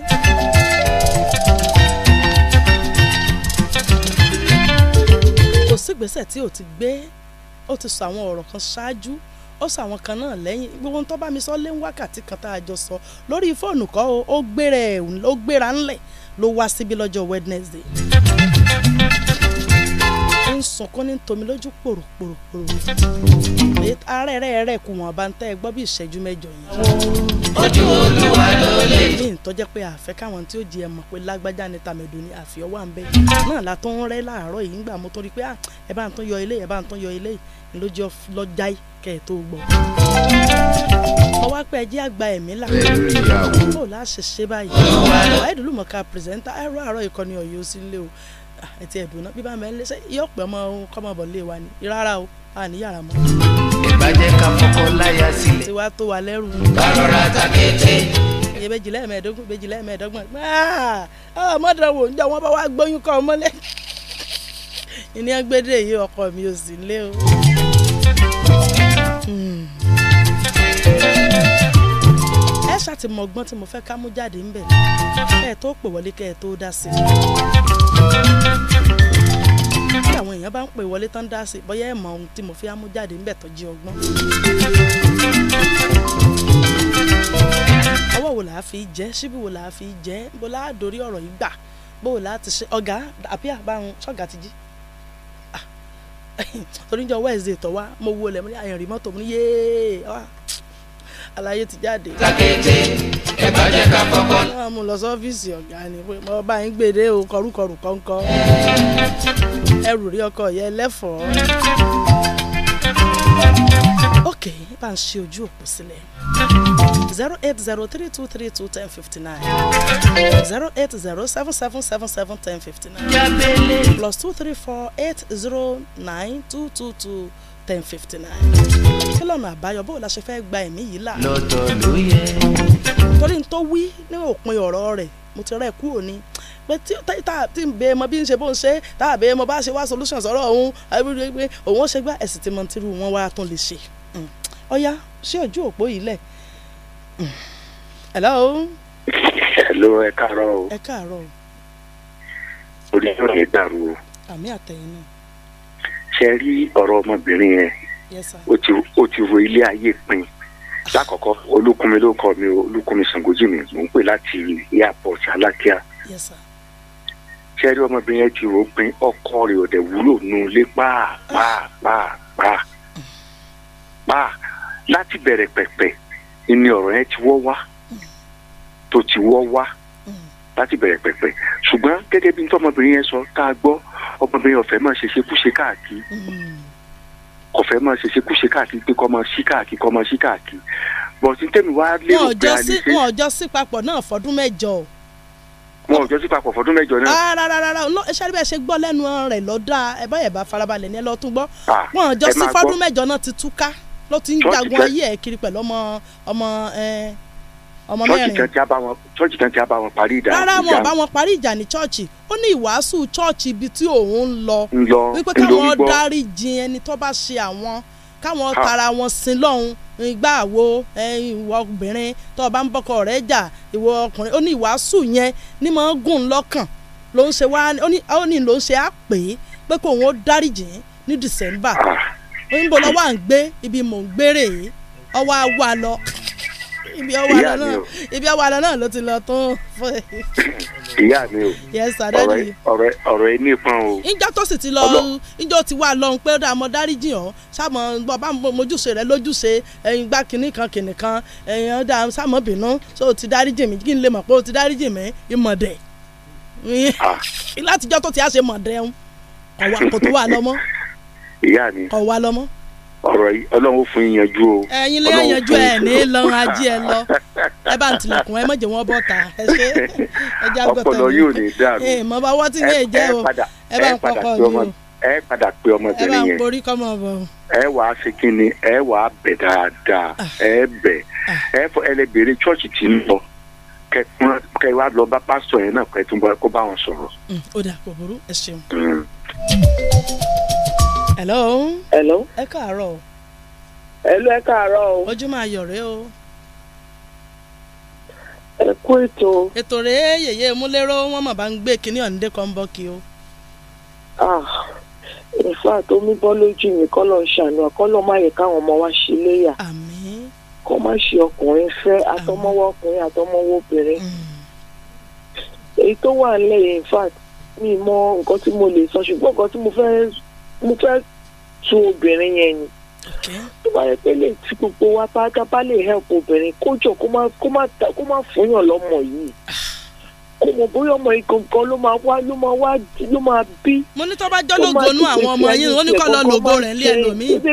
kò sígbésẹ̀ tí o ti gbé o ti sọ àwọn ọ̀rọ̀ kan ṣáájú ó sọ àwọn kan náà lẹ́yìn gbogbo tó bá mi sọ lé wákàtí kan tá a jọ sọ lórí fóònù kọ́ ó gbéra ẹ̀ ó gbéra ńlẹ̀ ló wá síbi lọ́jọ́ Wednesday ń sunkún ní tomi lójú pòròpòròpòrò ààrẹ rẹ̀ rẹ̀ kù wọ́n bá ń tẹ́ ẹ gbọ́ bí ìṣẹ́jú mẹ́jọ yìí. ojú olúwa ló lè lẹ́yìn tó jẹ́ pé àfẹ́ káwọn tí ó jẹ ẹ mọ̀ pé lágbájá ni tàmẹ̀dò ni àfi ọwọ́ à ń bẹ́ náà la tó ń rẹ́ láàárọ̀ yìí ńgbà mo tó rí pé ah, ẹ bá ń tán yọ ilé ẹ bá ń tán yọ ilé lójó lọ́jà kẹ̀ gbọ́. ọwọ́ pé ẹ àgbà ẹ̀mí là kó láṣẹ ṣe báyìí wàhálà ìlú mọ̀ká pírẹsẹ̀ntà ẹ̀rọ àárọ̀ ìkọ́ni ọ̀yọ́ sílé o ah, ẹ̀tì ẹ̀bùn náà bí bá mẹ́ lé ká fọkọ láyà sílẹ̀. tiwa tó wa lẹ́rù. bá lọ́ra ta kété yẹn méjì lẹ́ẹ̀mẹ́ẹ̀dógún méjì lẹ́ẹ̀mẹ́ẹ̀dọ́gbọ̀n ọmọdéwò ah! ah, ńjọ wọn bá wá gbóyún kọ́ ọmọlé ìní agbédè yìí ọkọ mi ò sí lé o. Hmm. ẹ ṣàtìmọ̀ ọgbọ́n tí mo fẹ́ ká mú jáde ń bẹ̀ ẹ̀ tó pè wọlé kẹ́ ẹ̀ tó dá sí bí àwọn èèyàn bá ń pè wọlé tán dá sí bóyá ẹ̀ mọ ohun tí mo fi á mú jáde ń bẹ̀ tó jí ọgbọ́n ọwọ́ wo làá fi jẹ́ síbí wo làá fi jẹ́ bó láà ọ̀rọ̀ yìí gbà bó láà ti ṣe ọ̀gá àbí àbáhùn ṣọ̀gá ti jí ah, toríjọ Wednesday tó wá mo wo lẹ̀ mo ní àyàn rí mọ́tò mo ní yéé àlàyé ah, ti jáde. takété ẹ bá jẹ ká kọ́kọ́. wọ́n mú lọ sọ́fíìsì ọ̀gá ni pé mo bá yín gbèdé o kọrúkọrù kọ́ńkọ́ ẹrù rí ọkọ yẹn lẹ́fọ̀ọ́. ok bá ń ṣe ojú òpó sílẹ̀. 08032321059 08077771059 plus 234809222 ten fifty nine kí lọ́nà àbáyọ bó la ṣe fẹ́ gba ẹ̀mí yìí là. lọ́tọ̀ ló yẹ. torí n tó wí ní òpin ọ̀rọ̀ rẹ̀ mo ti rẹ̀ kúrò ní pé tí tí n bẹ mọ bí n ṣe bó ń ṣe tá a bẹ mọ bá ṣe wá solution sọ̀rọ̀ òun àbúrò pé òun ṣe gbá ẹ̀sìn tí mo ti rú wọn wá tún lè ṣe. Hmm. ọ̀ya ṣé ojú òpó yìí lẹ̀ 0244 hello. hello ẹ káàárọ̀ o. ẹ káàárọ̀ o. orí yóò ní dàrú o. àmì àtẹ̀yìn náà. ṣe rí ọ̀rọ̀ ọmọbìnrin yẹn ó ti ro ilé ayé pin lákọ̀ọ́kọ́ olúkunmi ló kọ́ mi olúkunmi sangoji mi mò ń pè láti airport alákíá ṣe rí ọmọbìnrin yẹn ti rò ó pin ọkọ rẹ̀ ọ̀dẹ̀ wúlò nù lé pàápàá pàápàá pàá láti bẹ̀rẹ̀ pẹ̀pẹ̀ ni ọ̀rọ̀ yẹn ti wọ́ wá tó ti wọ́ wá láti bẹ̀rẹ̀ pẹ̀pẹ̀ ṣùgbọ́n gẹ́gẹ́ bí tọmọbìnrin yẹn sọ tá a gbọ́ ọmọbìnrin ọ̀fẹ́ máa ṣe ṣekúṣe káàkiri hmm. ọ̀fẹ́ máa ṣe ṣekúṣe káàkiri pé kọ́ máa ṣí káàkiri kọ́ máa ṣí káàkiri bọ̀sí tèmi wá lérò pé a lè ṣe. wọn ò jọ sí papọ̀ náà fọdún mẹ́jọ o. wọn ò jọ sí papọ̀ fọdún mẹ́jọ náà. rárá rárá rárá ẹ ṣe bẹ́ẹ̀ ṣe gbọ́ lẹ́nu rẹ̀ lọ́dà ẹ báyẹ̀ bá farabalẹ̀ ní ẹ lọ́ọ́ tún gbọ́. wọn ò sí fọdún mẹ́jọ náà ti túká ló ti ń jagun ayé ẹ̀ kiri pẹ̀lú ọmọ ọmọ ọmọ mẹ́rin. chọ́ọ̀chì kan tí a bá wọn parí ìjà. rárá wọn bá wọn parí ìjà ní chọ́ọ̀chì ó ní ìwàásù chọ́ọ̀chì ibi tí òun ń lọ wípé káwọn dárí jin ẹni tó bá ṣe àwọn káwọn tara wọn sin lọ́hùn ìgbà wo ìwọ obìnrin tó o bá ń bọ́kọ rẹ̀ jà ìwọ ọkùnrin ó ní ìwàásù yẹn ní mọ̀ ń gùn lọ́kàn ló ń ṣe wá ó ní ló ń ṣe á pè é pé kóun ó dáríjì ní December ah níbo lọ́wọ́ à ń gbé ibi mò ń gbé rèé ọwọ́ á wà lọ ibi ọwọ́ àlọ́ náà ibi ọwọ́ àlọ́ náà ló ti lọ tún fún ẹ. ìyá mi o ọ̀rọ̀ ọ̀rọ̀ ẹ nípọn o. ìjọ tó sì ti lọ ìjọ ti wà lọ́hùn pé ó dà dáríjì hàn sáàmọ̀ gbọ́ bá mojúṣe rẹ lójúṣe ẹ̀yìn gbá kinní kan kinní kan ẹ̀yìn ọ̀dà sáàmọ̀ bínú so ti dáríjì mi kí n lè mọ̀ pé o ti dáríjì mi ìmọ̀dẹ̀ ah. látijọ́ tó ti á ṣe mọ̀dẹ̀ ọ̀wà kò tó wà lọ́mọ́ ìyá mi. ọ̀wá lọ́mọ. ọ̀rọ̀ yìí ọlọ́run fún yín yanjú o. ẹ̀yin lè yanjú ẹ̀ ní lọ́run ajé ẹ lọ ẹ bá ń tilẹ̀kùn ẹ má jẹ́ wọ́n bọ̀ ta ẹ ṣe ẹ jẹ́ àgbọ̀tọ̀ ọpọlọ yóò ní dáa mi. èèmọ̀ bá wọ́n ti ní èjẹ́ o ẹ bá ń kọ́kọ́ mi o ẹ padà pé ọmọbìnrin yẹn ẹ wàá ṣe kí ni ẹ wàá bẹ̀ dáadáa ah. ẹ bẹ̀ ẹ fọ ẹlẹbìnrin chọọchì tí ń lọ kẹ wàá lọ bá pásítọ̀ yẹn náà kẹ tún bọ kó bá wọn sọ̀rọ̀. Mm, ó dà kò burú ẹ ṣeun. Mm. hello. hello. ẹ káàárọ̀ o. hello ẹ káàárọ̀ o. ojúmọ́ ayọ̀ rẹ o. ẹ kú ètò. ètò rèé yèyé múlẹ́rọ́ wọn mọ̀ bá ń gbé kínní ọ̀ǹdẹ́ kan bọ́ kí o. ah ìfà tó mí bọ́ lójú mi kọ́ lọ́ọ́ ṣàánú kọ́ lọ́ọ́ má yẹ káwọn ọmọ wa ṣe léyà. àmín. kọ́ má ṣe ọkùnrin fẹ́ àtọmọ́wọ́ ọkùnrin àtọmọ́wọ́ obìnrin. Mm. èyí tó wà nílẹ̀ yẹn in mi mọ nǹkan tí mo lè sọ ṣùgbọ́n nǹkan tí mo fẹ́ mo fẹ́ tu obìnrin yẹn ni tó bá yẹ pé lè ti gbogbo wa bá lè help obìnrin kó jọ kó má fún yàn lọ́mọ yìí kò mọ̀ bóyá ọmọ yìí gangan ló máa wá ló máa wá ló máa bí. mo ní tó bá jọ́ lógonú àwọn ọmọ yìí ó ní kọ́ lọ lògo rẹ̀ nílé ẹlòmíì.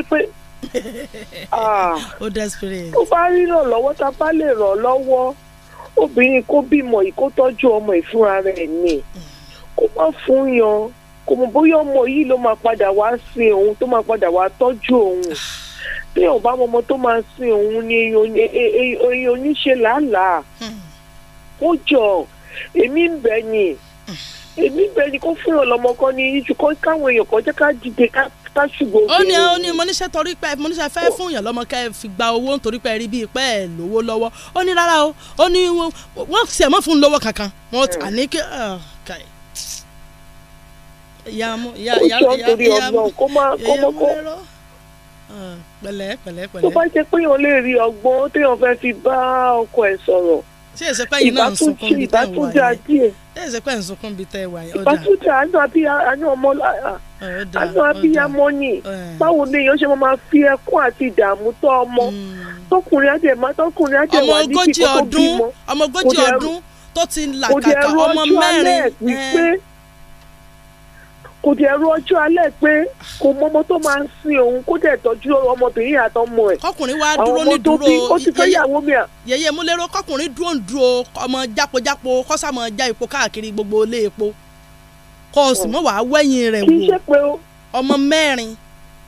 Ah, ó desperate. tó bá rí ràn lọ́wọ́ tá a bá lè ràn lọ́wọ́ obìnrin kó bímọ yìí kó tọ́jú ọmọ ìfúnra rẹ̀ ni mm. kó má fún yan kò mọ̀ bóyá ọmọ yìí ló máa padà wá sin òun tó máa padà wá tọ́jú òun bí ò bá mọmọ tó máa sin òun ni eyín oníṣe làálàá ó jọ èmi ń bẹ ni èmi ń bẹ ni kó fún ọlọmọ kan ní iṣu kó káwọn èèyàn kan jẹ́ ká dìde ká ká ṣùgbọ́n. ó ní ó ní mo níṣẹ́ torí pé mo níṣẹ́ fẹ́ fún èèyàn lọ́mọ kẹ́ ẹ fi gba owó nítorí pé ẹ rí bíi pé ẹ lówó lọ́wọ́ ó ní rárá o ó ní wọ́n ṣe mọ́ fún lówó kankan wọ́n hmm. àní kí. Ah, ìyàmú ìyàmú ìyàmú lérò pẹ̀lẹ́ pẹ̀lẹ́ pẹ̀lẹ́. tó bá ṣe pé èèyàn lè rí ọgbọ́n téèyàn fẹ́ fi bá ọkọ ẹ̀ sọ̀rọ̀ ṣé èsè pé yìí náà ń sunkún bíi tẹ́ ẹ̀ wá yẹn ṣé èsè pé ń sunkún bíi tẹ́ ẹ̀ wá yẹn ọjà. ìbátújà àánú àbí àánú ọmọ ni báwo ni èèyàn ṣe máa fi ẹkún àti ìdààmú tọ́ ọmọ hmm. tọkùnrin ajẹ má tọkùnrin ajẹ wà ní kíkọ́ tó bímọ kò tiẹ̀ ru ọjọ́ alẹ́ pé kò mọ ọmọ tó máa ń sin òun kó dẹ̀ tọ́jú ọmọbìnrin àtọmọ ẹ̀. kọkùnrin wa dúró ní dúró ó ti fẹ́ yàwó mi à. yèyé múlẹ́rọ kọkùnrin dúró ń dúró ọmọ jápojápo kọ́sàmọ́ já epo káàkiri gbogbo ilé epo kò sì hmm. mọ́ wàá wẹ́yìn rẹ̀ wò. kì í ṣe pé o. ọmọ mẹ́rin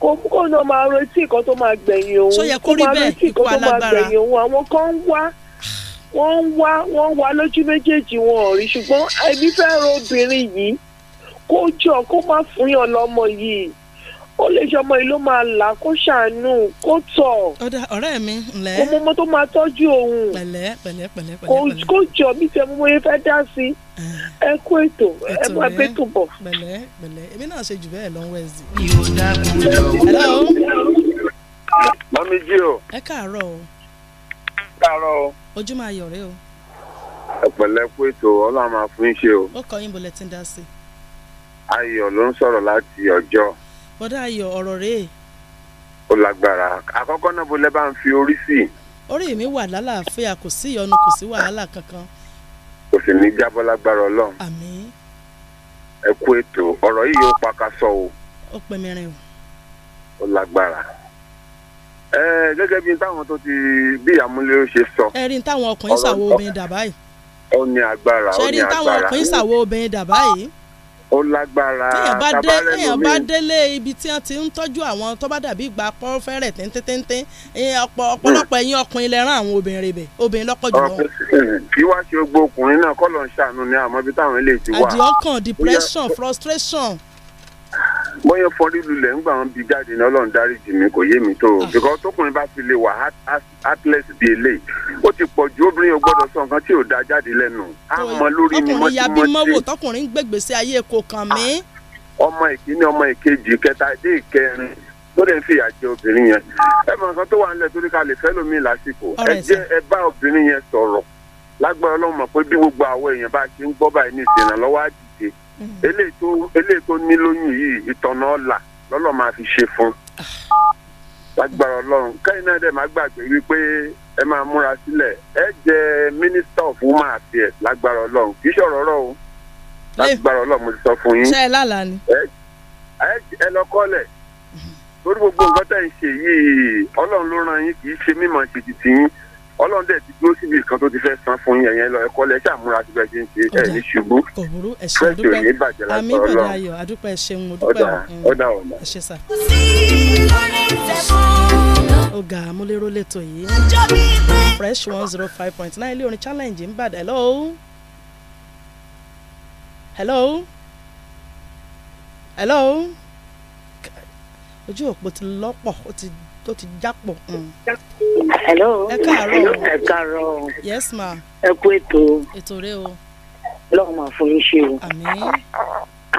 kò kó náà máa retí nǹkan tó máa gbẹ̀yìn òun kó máa retí nǹkan tó àwọn kan ń wá wọ́n ń wá wọ́n ń wá lójú méjèèjì wọn ò rí ṣùgbọ́n ẹbí fẹ́ ro obìnrin yìí kó jọ kó má fún yàn lọ́mọ yìí ó lè ṣe ọmọ yìí ló máa là kó ṣàánú kó tọ̀. ọ̀rẹ́ mi ǹlẹ́. ọmọ ọmọ tó máa tọ́jú òun. pẹ̀lẹ́ pẹ̀lẹ́ pẹ̀lẹ́ pẹ̀lẹ́. kó jọ bí ti ọmọ yẹn fẹ́ dá sí. Ah. ẹ kú ètò ẹ máa gbé tó bọ̀. pẹ̀lẹ́ pẹ̀lẹ́ èmi náà ṣe jù bẹ́ẹ̀ lọ wẹ́ẹ̀sì. yóò jí o. ẹ káàárọ̀ o. káàárọ̀ o. ojú máa yọ̀rẹ́ o. ẹ pẹ̀lẹ́ kú ètò ọlọ́run máa fún yín o. ó kọ yín bọ̀lẹ́tìn dá sí ayọ̀ ló ń sọ̀rọ̀ láti ọjọ́. bọ́dà ayọ̀ ọ̀rọ̀ rèé. ó lágbára àkọ́kọ́ náà bó lẹ́ bá ń fi orí sí. orí mi wà lálàáfíà kò sí ìyọnu kò sí wàhálà kankan. kò sì ní jábọ́ lágbára ọlọ́run. àmín. ẹ kú ètò ọ̀rọ̀ yìí yóò paka sọ o. ó pè mí rìn o. ó lágbára. ẹ gẹ́gẹ́ bí táwọn tó ti bí àmúlérò ṣe sọ. ẹ rí táwọn ọkùnrin ṣàwọ obìnrin dà báyìí. ó ní agbára ó ní agbára. ṣe rí táwọn ọkùnrin ṣàwọ obìnrin dà ó lágbára tabalẹ́nu mi. téèyàn bá délé ibi tí wọ́n ti ń tọ́jú àwọn tó bá dàbí ìgbà pọ́nfẹ́rẹ̀ téńtéńté ọ̀pọ̀lọpọ̀ ẹ̀yin ọkùnrin lẹ rán àwọn obìnrin bẹ̀ obìnrin lọ́pọ̀ jù lọ. kí wá ṣe gbogbo ọkùnrin náà kọ́ ló ń ṣàánú ni àmọ́ ibi táwọn ilé ti wà. àdìọ́kàn depression frustration bóyá fọrí lulẹ̀ ńgbà wọn bí jáde ní ọlọ́run dáríjì mi kò yé mi tó o ah. because tókùnrin bá fi lè wà atlas bíi eléyìí ó ti pọ̀ ju obìnrin o gbọ́dọ̀ sọ nǹkan tí ò da jáde lẹ́nu àmọ́ lórí ni mo ti mọ́ sí. ọkùnrin yabi mọ́wò tọkùnrin ń gbègbèsè ayé kò kàn mí. Ah. ọmọ ìkíní ọmọ ìkejì kẹta dé ìkẹrin tó dẹ̀ ń fìyà jẹ obìnrin yẹn ẹ mọ nǹkan tó wà nílẹ̀ torí ká lè fẹ́ lómi lásìkò ẹ jẹ́ ẹ bá obìnrin yẹn sọ̀rọ̀ lágbára ọlọ́run mọ̀ pé bí gbogbo àwọn èèyàn bá ṣe ń gbọ́ báyìí ní ìsìn Mm-hmm. eléyìí tó eléyìí yìí ìtọ̀nà ọ̀la lọ́lọ́ máa fi ṣe fún ah. lágbára ọlọ́run kẹ́yìn náà dẹ̀ má gbàgbé wípé ẹ máa múra sílẹ̀ ẹ jẹ́ minister of women affairs lágbára ọlọ́run kì í ṣọ̀rọ̀ ọ̀rọ̀ o eh. lágbára ọlọ́run mo ti sọ fún yín. ẹ lọ mm-hmm. torí gbogbo nǹkan tẹ̀ ń ṣe yìí ọlọ́run ló ràn yín kì í ṣe mímọ̀ ṣèjì tì yín ọlọ́run dẹ̀ ti dúró síbi kan tó ti fẹ́ san fún yẹn yẹn lọ ẹ̀kọ́ lẹ ṣàmúra ti bẹ́ẹ̀ ṣe ń ṣe ẹ̀ ní ṣubú fẹ́ẹ̀sì òní ìbàjẹ́ láti ọlọ́run àmì ọ̀dà ọ̀nà. ẹ ṣe sá. lẹ́tọ̀ yìí fresh one zero five point nine ilé orin challenge ń bàdà hello hello hello ojú òpó ti lọ́pọ̀ ó ti jápọ̀. Mm hello. ẹ káàárọ̀ ẹ káàárọ̀. yes ma. ẹ kú ètò. ètò rẹ o. lọ́wọ́ máa fún yín ṣe o. àmín.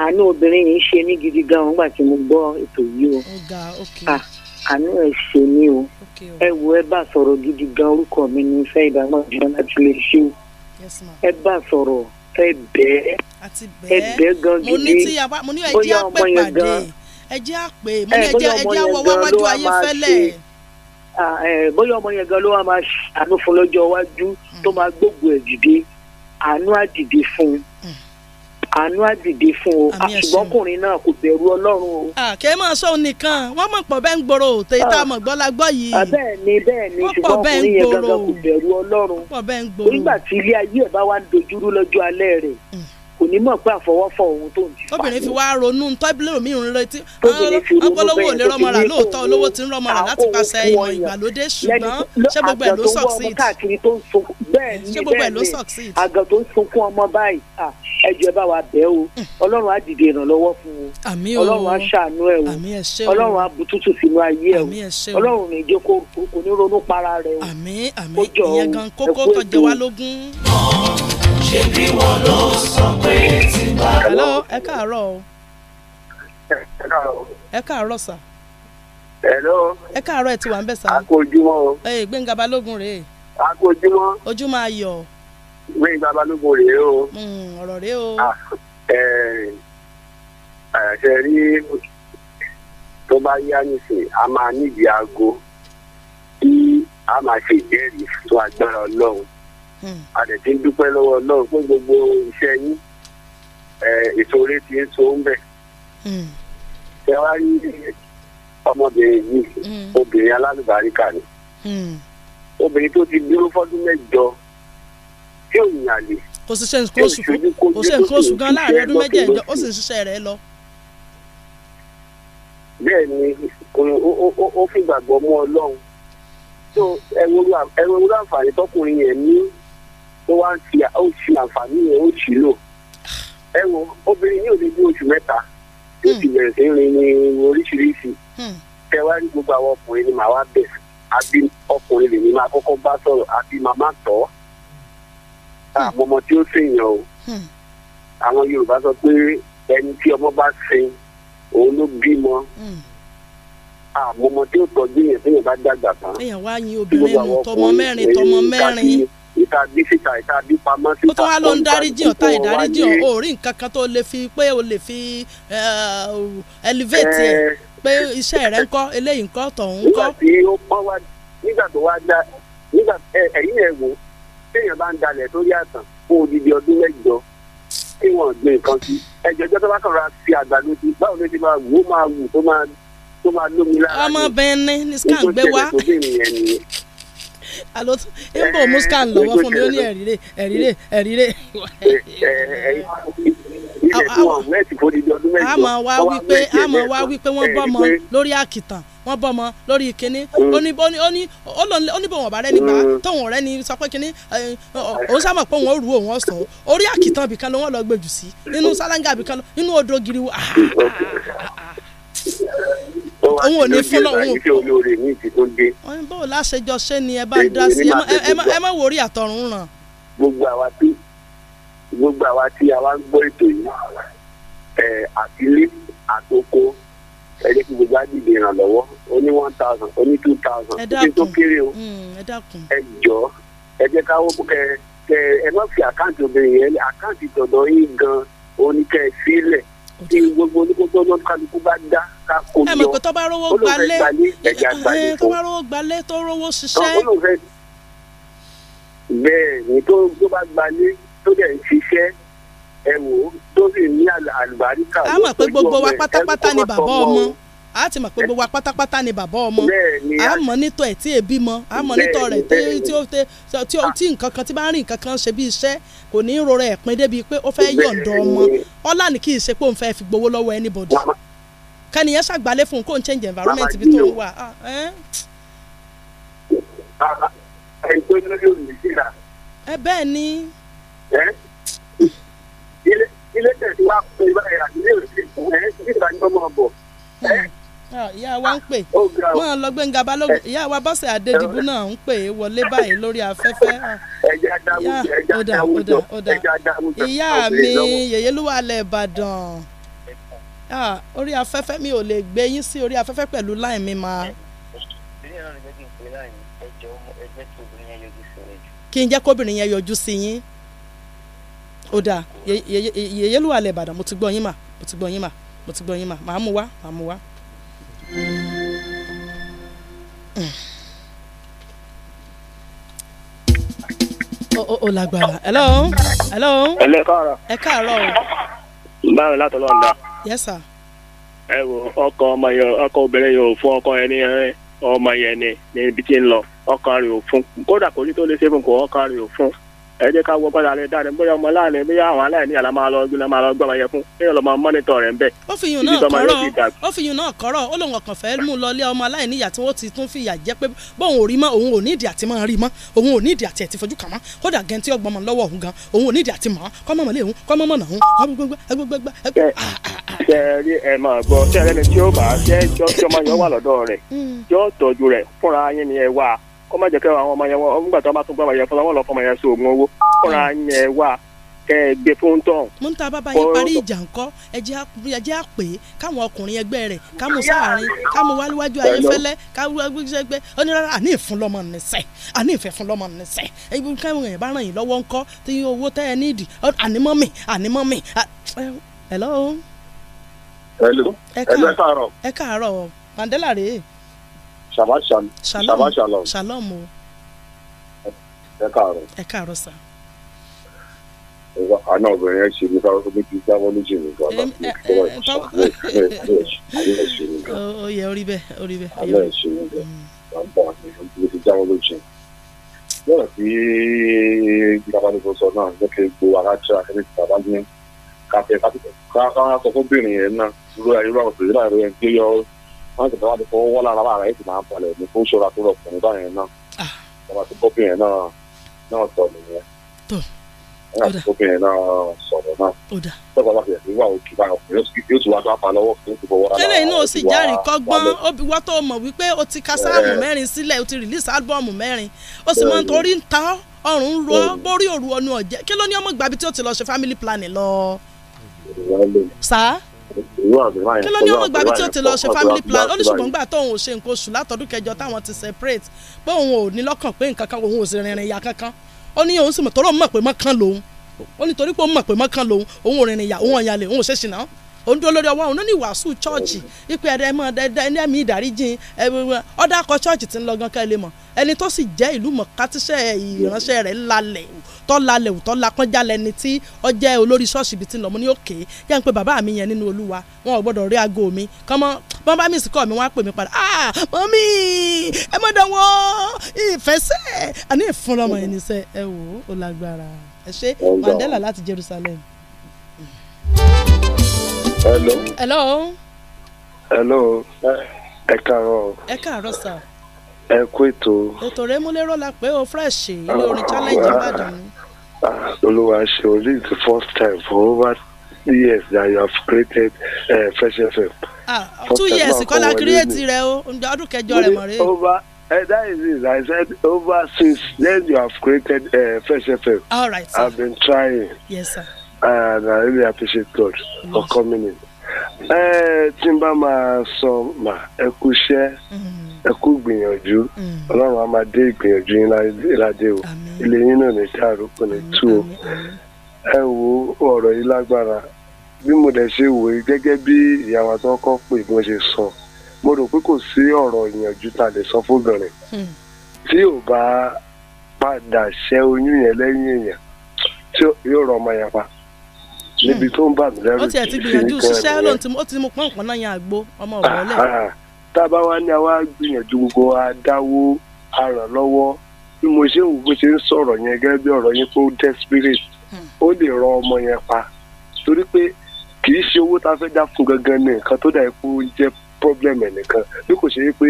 àánú obìnrin yìí ṣe mí gidi gan o nígbà tí mo gbọ́ ètò yìí o. ó ga ok. Ah, àánú ẹ ṣe mí o. ẹ wo ẹ bá sọ̀rọ̀ gidi gan orúkọ mi ní ìfẹ́ ìbámu ìjọba láti lè ṣe o. yes ma. ẹ bá sọ̀rọ̀ ẹ bẹ́ẹ̀. ẹ bẹ́ẹ̀ gan gidi. mo ní tí yaba mo ní ẹ jẹ́ àpè pàdé ẹ jẹ́ àpè mo ní ẹ jẹ́ àwọ̀ wájú ayé fẹ́lẹ̀ bóyá ọmọ yẹn gan ló wà máa ṣàánú fún lọ́jọ́ iwájú tó máa gbógun ẹ̀ dìde àánú àdìde fún un àánú àdìde fún o àṣùgbọ́n ọkùnrin náà kò bẹ̀rù ọlọ́run o. kì í mọ sóun nìkan wọ́n mọ̀ pọ̀ bẹ́ẹ̀ ń gbòòrò tèyí tá a mọ̀ gbọ́ la gbọ́ yìí. bẹ́ẹ̀ ni bẹ́ẹ̀ ni ṣùgbọ́n ọkùnrin yẹn gangan kò bẹ̀rù ọlọ́run. nígbà tí ilé ayé ẹ̀ bá wá ń dojúrú kò ní mọ̀ pé àfọwọ́fọ̀ ohun tó ń ti obìnrin fi wá ronú tọ́bílẹ̀ mi ń retí ọpọlọwọ ò lè rọmọ rà lóòótọ́ olówó ti ń rọmọ rà láti pàṣẹ ìmọ̀ ìgbàlódé ṣùgbọ́n ṣé gbogbo ẹ̀ ló succeed ṣé gbogbo ẹ̀ ló succeed. àgàn tó ń sunkún ọmọ báyìí ẹjọ bá wa bẹ̀ o hmm. ọlọ́run á dìde ìrànlọ́wọ́ fún o ọlọ́run á ṣàánú ẹ o ọlọ́run á bu sínú ayé ẹ o ọlọ́run ní jẹ́ kó kò ní ronú para rẹ o. àmín àmín ìyẹn gan kókó tó jẹ ṣe bí wọn ló sọ pé ti bá. hello ẹ káàárọ̀ o. ẹ káàárọ̀ sà. hello. ẹ káàárọ̀ ẹ ti wà ń bẹ̀ sà. a kò ojúmọ́ o. ee Gbénga Balógun rèé. a kò ojúmọ́. ojú máa yọ. Gbénga Balógun rèé o. Hmm, ọ̀rọ̀ rèé o. Ah, ṣe rí tó bá yá nísìnyí a máa níbi aago kí a máa ṣe ìjẹ́rìí fún agbára Ọlọ́run. àdẹ̀tí ń dúpẹ́ lọ́wọ́ ọlọ́run fún gbogbo iṣẹ́ yín ìṣòro ti ń so ń bẹ̀. Hmm. ṣé wàá rí ọmọbìnrin yìí hmm. obìnrin alálùbáríkà ni hmm. obìnrin tó ti dúró fọ́dún mẹ́jọ tí ò yàn lè. kò sì ṣe nǹkan oṣù kò ṣe nǹkan oṣù gan láàrin ọdún mẹ́jẹ̀ẹ̀jọ ó sì ń ṣiṣẹ́ rẹ̀ lọ. bẹ́ẹ̀ ni ó fìgbàgbọ́ mọ́ ọlọ́run tó ẹ̀rọ àǹfààní tọkùnrin yẹn ní ló wá ń fi ó ṣì àǹfààní yẹn ó ṣì lò ẹ wo obìnrin yóò lè bí oṣù mẹ́ta tó ti hmm. bẹ̀rẹ̀ sí rin ní oríṣiríṣi hmm. ẹ wá rí gbogbo àwọn ọkùnrin ni màá wá bẹ̀ àbí ọkùnrin lèmi máa kọ́kọ́ bá sọ̀rọ̀ àbí màmá tọ́ àwọn ọmọ hmm. tí ó ṣèyàn o àwọn Yorùbá sọ pé ẹni tí ọmọ bá sin òun ló bímọ àwọn ọmọ tí ó tọ́jú yẹn tí yẹn bá dàgbà tán. èèyàn wá yin obìnrin tọmọ mẹ́rin tọmọ mẹ́rin ìta bí síta ìta bí pamọ́ síta. ó tún wá ló ń dáríjì ọ̀tá ìdáríjì ọ̀ ò rí nǹkan kan tó lè fi pé o lè fi elevate ẹ̀ eh, pé iṣẹ́ rẹ̀ ńkọ́ eléyìí ńkọ́ tọ̀hún ńkọ́. nígbà tí ó pọ́n wá nígbà tó wá dá nígbà ẹ̀yìn ẹ̀ wò téèyàn bá ń dalẹ̀ sórí àtàn fún odidi ọdún mẹ́jọ kí wọ́n gbé nǹkan sí ẹ̀jẹ̀ ọjọ́ tó bá kàn fi àgbàdo sí báwo ló ti máa wù ó máa wù tó máa lómi lára. ọmọ bẹ́ẹ̀ ni ní scan gbé wá alo n bò muskan lọ́wọ́ fún mi ó ní ẹ̀rírè ẹ̀rírè ẹ̀rírè. a máa wá wípé a máa wá wípé wọ́n bọ́mọ lórí àkìtàn wọ́n bọ́mọ lórí kínní ó ní ó ní ó ní ó ní bòun ọ̀bà rẹ nípa mm. tóun ọ̀rẹ́ ni sọ pé kínní òun sábà pé òun ó rú òun ọ̀sán orí àkìtàn bìkan ló wọ́n lọ gbèjù sí nínú sálángà bìkan nínú odò giriwo òun ò ní fún náà òun báwo láṣẹjọ ṣé ni ẹ bá dá sí ẹ má wòrí àtọ̀run ràn. gbogbo àwa tí gbogbo àwa tí a wá ń gbọ́ ètò yìí àtìlé àtòkò ẹ kí gbogbo àdìdì ìrànlọ́wọ́ ó ní one thousand ó ní two thousand ó ti tó kéré o hmm, ẹ jọ ẹ jẹ́ káwọ́ kẹ kẹ ẹ má fi àkáǹtì obìnrin yẹn àkáǹtì tọ̀dọ̀ yín gan-an sílẹ̀ ṣe gbogbo oníkótó lọ́kàlùkù bá dá ká kó lọ. ẹ mọ̀ pé tó bá rówó gbalé tó bá rówó gbalé tó rówó ṣiṣẹ́. bẹ́ẹ̀ ni tó bá gbalé tó dẹ̀ ń ṣiṣẹ́ ẹ wò ó tó sì ní àlùbáríkà. a mọ̀ pé gbogbo wa pátápátá ni bàbá ọmọ. a ti mọ̀ pé gbogbo wa ni bàbá ọmọ a mọ̀ nítọ̀ ẹ̀ tí a mọ̀ nítọ̀ rẹ̀ tí ó tí nǹkan nkankan tí bá ń rìn nǹkan ṣe bí iṣẹ́ kò ní rora débi pé ó fẹ́ ọmọ ọlá ni kì í ṣe pé òun fẹ́ fi gbowó lọ́wọ́ n change environment bí tó ń wà. Ah, eh? bẹ́ẹ̀ ni ilé Ah, ìyá wa ń pè ah, mọ́ lọ Gbẹ́ngà Balógun eh. ìyá wa Bọ́sẹ̀ Adédìbú náà ń pè é wọlé báyìí lórí afẹ́fẹ́ ọ̀dà ọ̀dà ọ̀dà ìyá mi yèyélúwà alẹ́ Ìbàdàn ah, orí afẹ́fẹ́ mi ò lè gbé yín sí orí afẹ́fẹ́ pẹ̀lú láì mi máa. kí n jẹ́ kóbìnrin yẹn yọjú sí yín ọ̀dà yèyélúwà alẹ́ Ìbàdàn mo ti gbọ́ yín mà mo ti gbọ́ yín mà mo ti gbọ́ yín mà màá mú wá màá mú wá ó mm. lágbára hello hello. ẹlẹ káàárọ̀. ẹ káàárọ̀ o. báwo látọ̀ lọ́n da. yes sir. ẹ wo ọkọ ọmọ yẹn ọkọ obìnrin yẹn ò fún ọkọ yẹn ní ọmọ yẹn ní ibi tí ń lọ ọkọ rẹ̀ ò fún kódà kò ní tó lè ṣe fún kò ọkọ rẹ̀ ò fún ẹ jẹ́ ká wọ padà rẹ̀ dáadé bóyá ọmọ láàrin bóyá àwọn aláìní àlá máa lọ gbé náà máa lọ gbọ́ ọmọye fún kí ọlọmọ mọ́nítọ̀ rẹ̀ ń bẹ̀. ó fi yùn náà kọ́rọ̀ ó fi yùn náà kọ́rọ̀ ó lóun ọkàn fẹ́ mú lọ lé ọmọ aláìní ìyá tí wọ́n ti tún fìyà jẹ́ pé bóun ò rí mọ́ òun ò ní ìdí àti máa rí mọ́ òun ò ní ìdí àti ẹ̀tì fojú kàn mọ́ kódà gan tí ọgbọ́n mọ́ lọ́wọ́ òun gan òun ò ní ìdí kó má jẹ́ kẹ́ àwọn ọmọ yẹn wọ́n nígbà tó bá tún gbọ́ ọmọ yẹn fún wọn lọ́ọ́ fọmọ yẹn sí oògùn owó kóra mm. yẹn wà kẹ́ ẹ gbé fún tán. mú ta bàbá yín parí ìjà ńkọ́ ẹ jẹ́ àpè káwọn ọkùnrin ẹgbẹ́ rẹ̀ ká mú sáàrin ká mú wá níwájú ayéfẹ́lẹ́ ká wíṣẹ́ gbé ó ní rárá àní ìfún lọ́mọ nìṣẹ́ àní ìfẹ́ fún lọ́mọ nìṣẹ́ ibi káwọn èèyàn bá ràn yín lọ́wọ́ ńkọ́ tí owó tẹ́ ẹ nídìí ànímọ́mì ànímọ́mì. hello. hello. ẹ káàárọ̀ ẹ káàárọ̀ mandela rèé shabbat shalom. shabbat shalom. shalom o. ẹ káàárọ̀. ẹ káàárọ̀ sà. àná obìnrin yẹn ṣe ní káwọn omi ti dáwọ́ lójú mi gan náà ní kíkọ́ ẹ̀ ṣàlùwẹ̀ ẹ̀ ẹ̀ ṣe ní gan. ó yẹ orí bẹ́ẹ̀ orí bẹ́ẹ̀. àlọ́ ẹ̀ ṣe ní gan. bàbá mi omi ti dáwọ́ lójú mi. lọ́rọ̀ tí babalẹ́kọ̀ sọ náà ló kẹ́ gbowó aláṣà ẹni tí bàbá yẹn káfíńkà sọ fún bìnrin yẹn náà irú àwọn òṣèré náà rẹ̀ ń gbé yọ wọn sì tẹwàá ti fọwọ́ wọ́ lára bára yìí sì máa ń balẹ̀ ní kó ṣọ́ra tó lọ́kùnrin báyẹn náà wọn àti bóbìnrin náà náà sọ nìyẹn wọn àti bóbìnrin náà sọ̀rọ̀ náà tọ́gbà bá fìyà sí wà òkè bá ọkùnrin yóò tún wá tó apá lọ́wọ́ fún ìfowó wọ́ra. tẹ́lẹ̀ inú o sì járe kọ́gbọ́n wọ́n tó mọ̀ wípé o ti ka sáàmù mẹ́rin sílẹ̀ o ti rìlíìsì álbọ̀mù mẹ́rin o sì mọ̀ nítorí ń ta ọrùn ń ro bórí òru ọnu ọ̀jẹ́ kí ló ní ọmọ ìgbàbí tí o ti lọ ṣe family planning lọ. sá kí ló ní òun gbàgbé tí ó ti lọ ṣe family plan ó ní ṣùgbọ́n gbà tó òun ò ṣe nǹkan oṣù látọdún kẹjọ táwọn ti separate pé òun ò ní lọ́kàn pé nǹkan kan òun ò sì rìnrìn ìyá kankan ó ní òun sì mọ̀ tọ́rọ̀ mọ̀ pé mọ́kàn lòun ó ní torí pé òun mọ̀ pé mọ́kàn lòun òun ò rìnrìn ìyá òun ọ̀yàlẹ̀ òun ò ṣe ṣìnà òun dúró lórí ọwọ́ òun ní wàásù chọ́ọ̀chì ipe ẹ̀rẹ́ mọ́ ẹni ẹ̀mí ìdáríjì ọ̀dà akọ chọ́ọ̀chì ti ń lọ gan ká ẹ ẹni tó sì jẹ́ ìlú mọ̀kátíṣẹ́ ìránṣẹ́ rẹ̀ ńlalẹ̀ tọ́la lẹ̀wù tọ́la kọ́njá lẹni tí ó jẹ́ olórí ṣọ́ọ̀ṣì ibi lọ́mọ ní òkè jẹ́ pé bàbá mi yẹn nínú olúwa wọn ò gbọ́dọ̀ rí aago mi kọ́mọ bọ́n mi sì mi wọ́n á pè mí padà ah mọ́mí ẹ mọ́ dánwọ́ ìfẹsẹ̀ àní ìfúnlọ́mọ ẹni sẹ́ ẹ wò ó lágbára ẹ ṣe Mandela láti Jerusalem. hello. hello. hello. ẹ káàárọ̀. ẹ káàárọ̀ ẹ kú ètò. ètò rẹ múlẹ́rọ̀ la pé o fresh ilé orin ah, challenge ah, ìbàdàn. Ah, olúwa ṣe orí is the first time for over two years that you have created uh, fresh fm. ah two years kọ́ la create rẹ o ọdún kẹjọ rẹ mọ̀ rẹ. over Uh, that is it. I said over since then you have created uh, Fresh FM. All right, sir. I've been trying. Yes, sir. And I really appreciate God yes. for coming in. Ẹ tí n bá máa sọ ẹ kú gbìyànjú mm. ọlọ́run á máa dé ìgbìyànjú yín ládé o ilé yín náà ní dàrú kò ní tú o ẹ wo ọ̀rọ̀ yìí lágbára bí mo dẹ̀ ṣe wò gẹ́gẹ́ bí ìyàwó pé ṣe sọ mo rò pé kò sí ọ̀rọ̀ ìyànjú ta lè sọ fóbìnrin hmm. tí ò rọ ọmọ yẹn pa hmm. níbi tó ń bà mí lẹ́rù kì í ṣe tábà wá ní àwa gbìyànjú gbogbo wa dáwó arànlọ́wọ́ bí mo ṣe ń wò bó ṣe ń sọ̀rọ̀ yẹn gẹ́gẹ́ bí ọ̀rọ̀ yẹn pé ó desperate hmm. ó lè rọ ọmọ yẹn pa torí pé kì í ṣe owó tá a fẹ́ dá fún gangan ní tó dà yẹ kó jẹ́ problem ẹ̀ nìkan bí kò ṣe é pé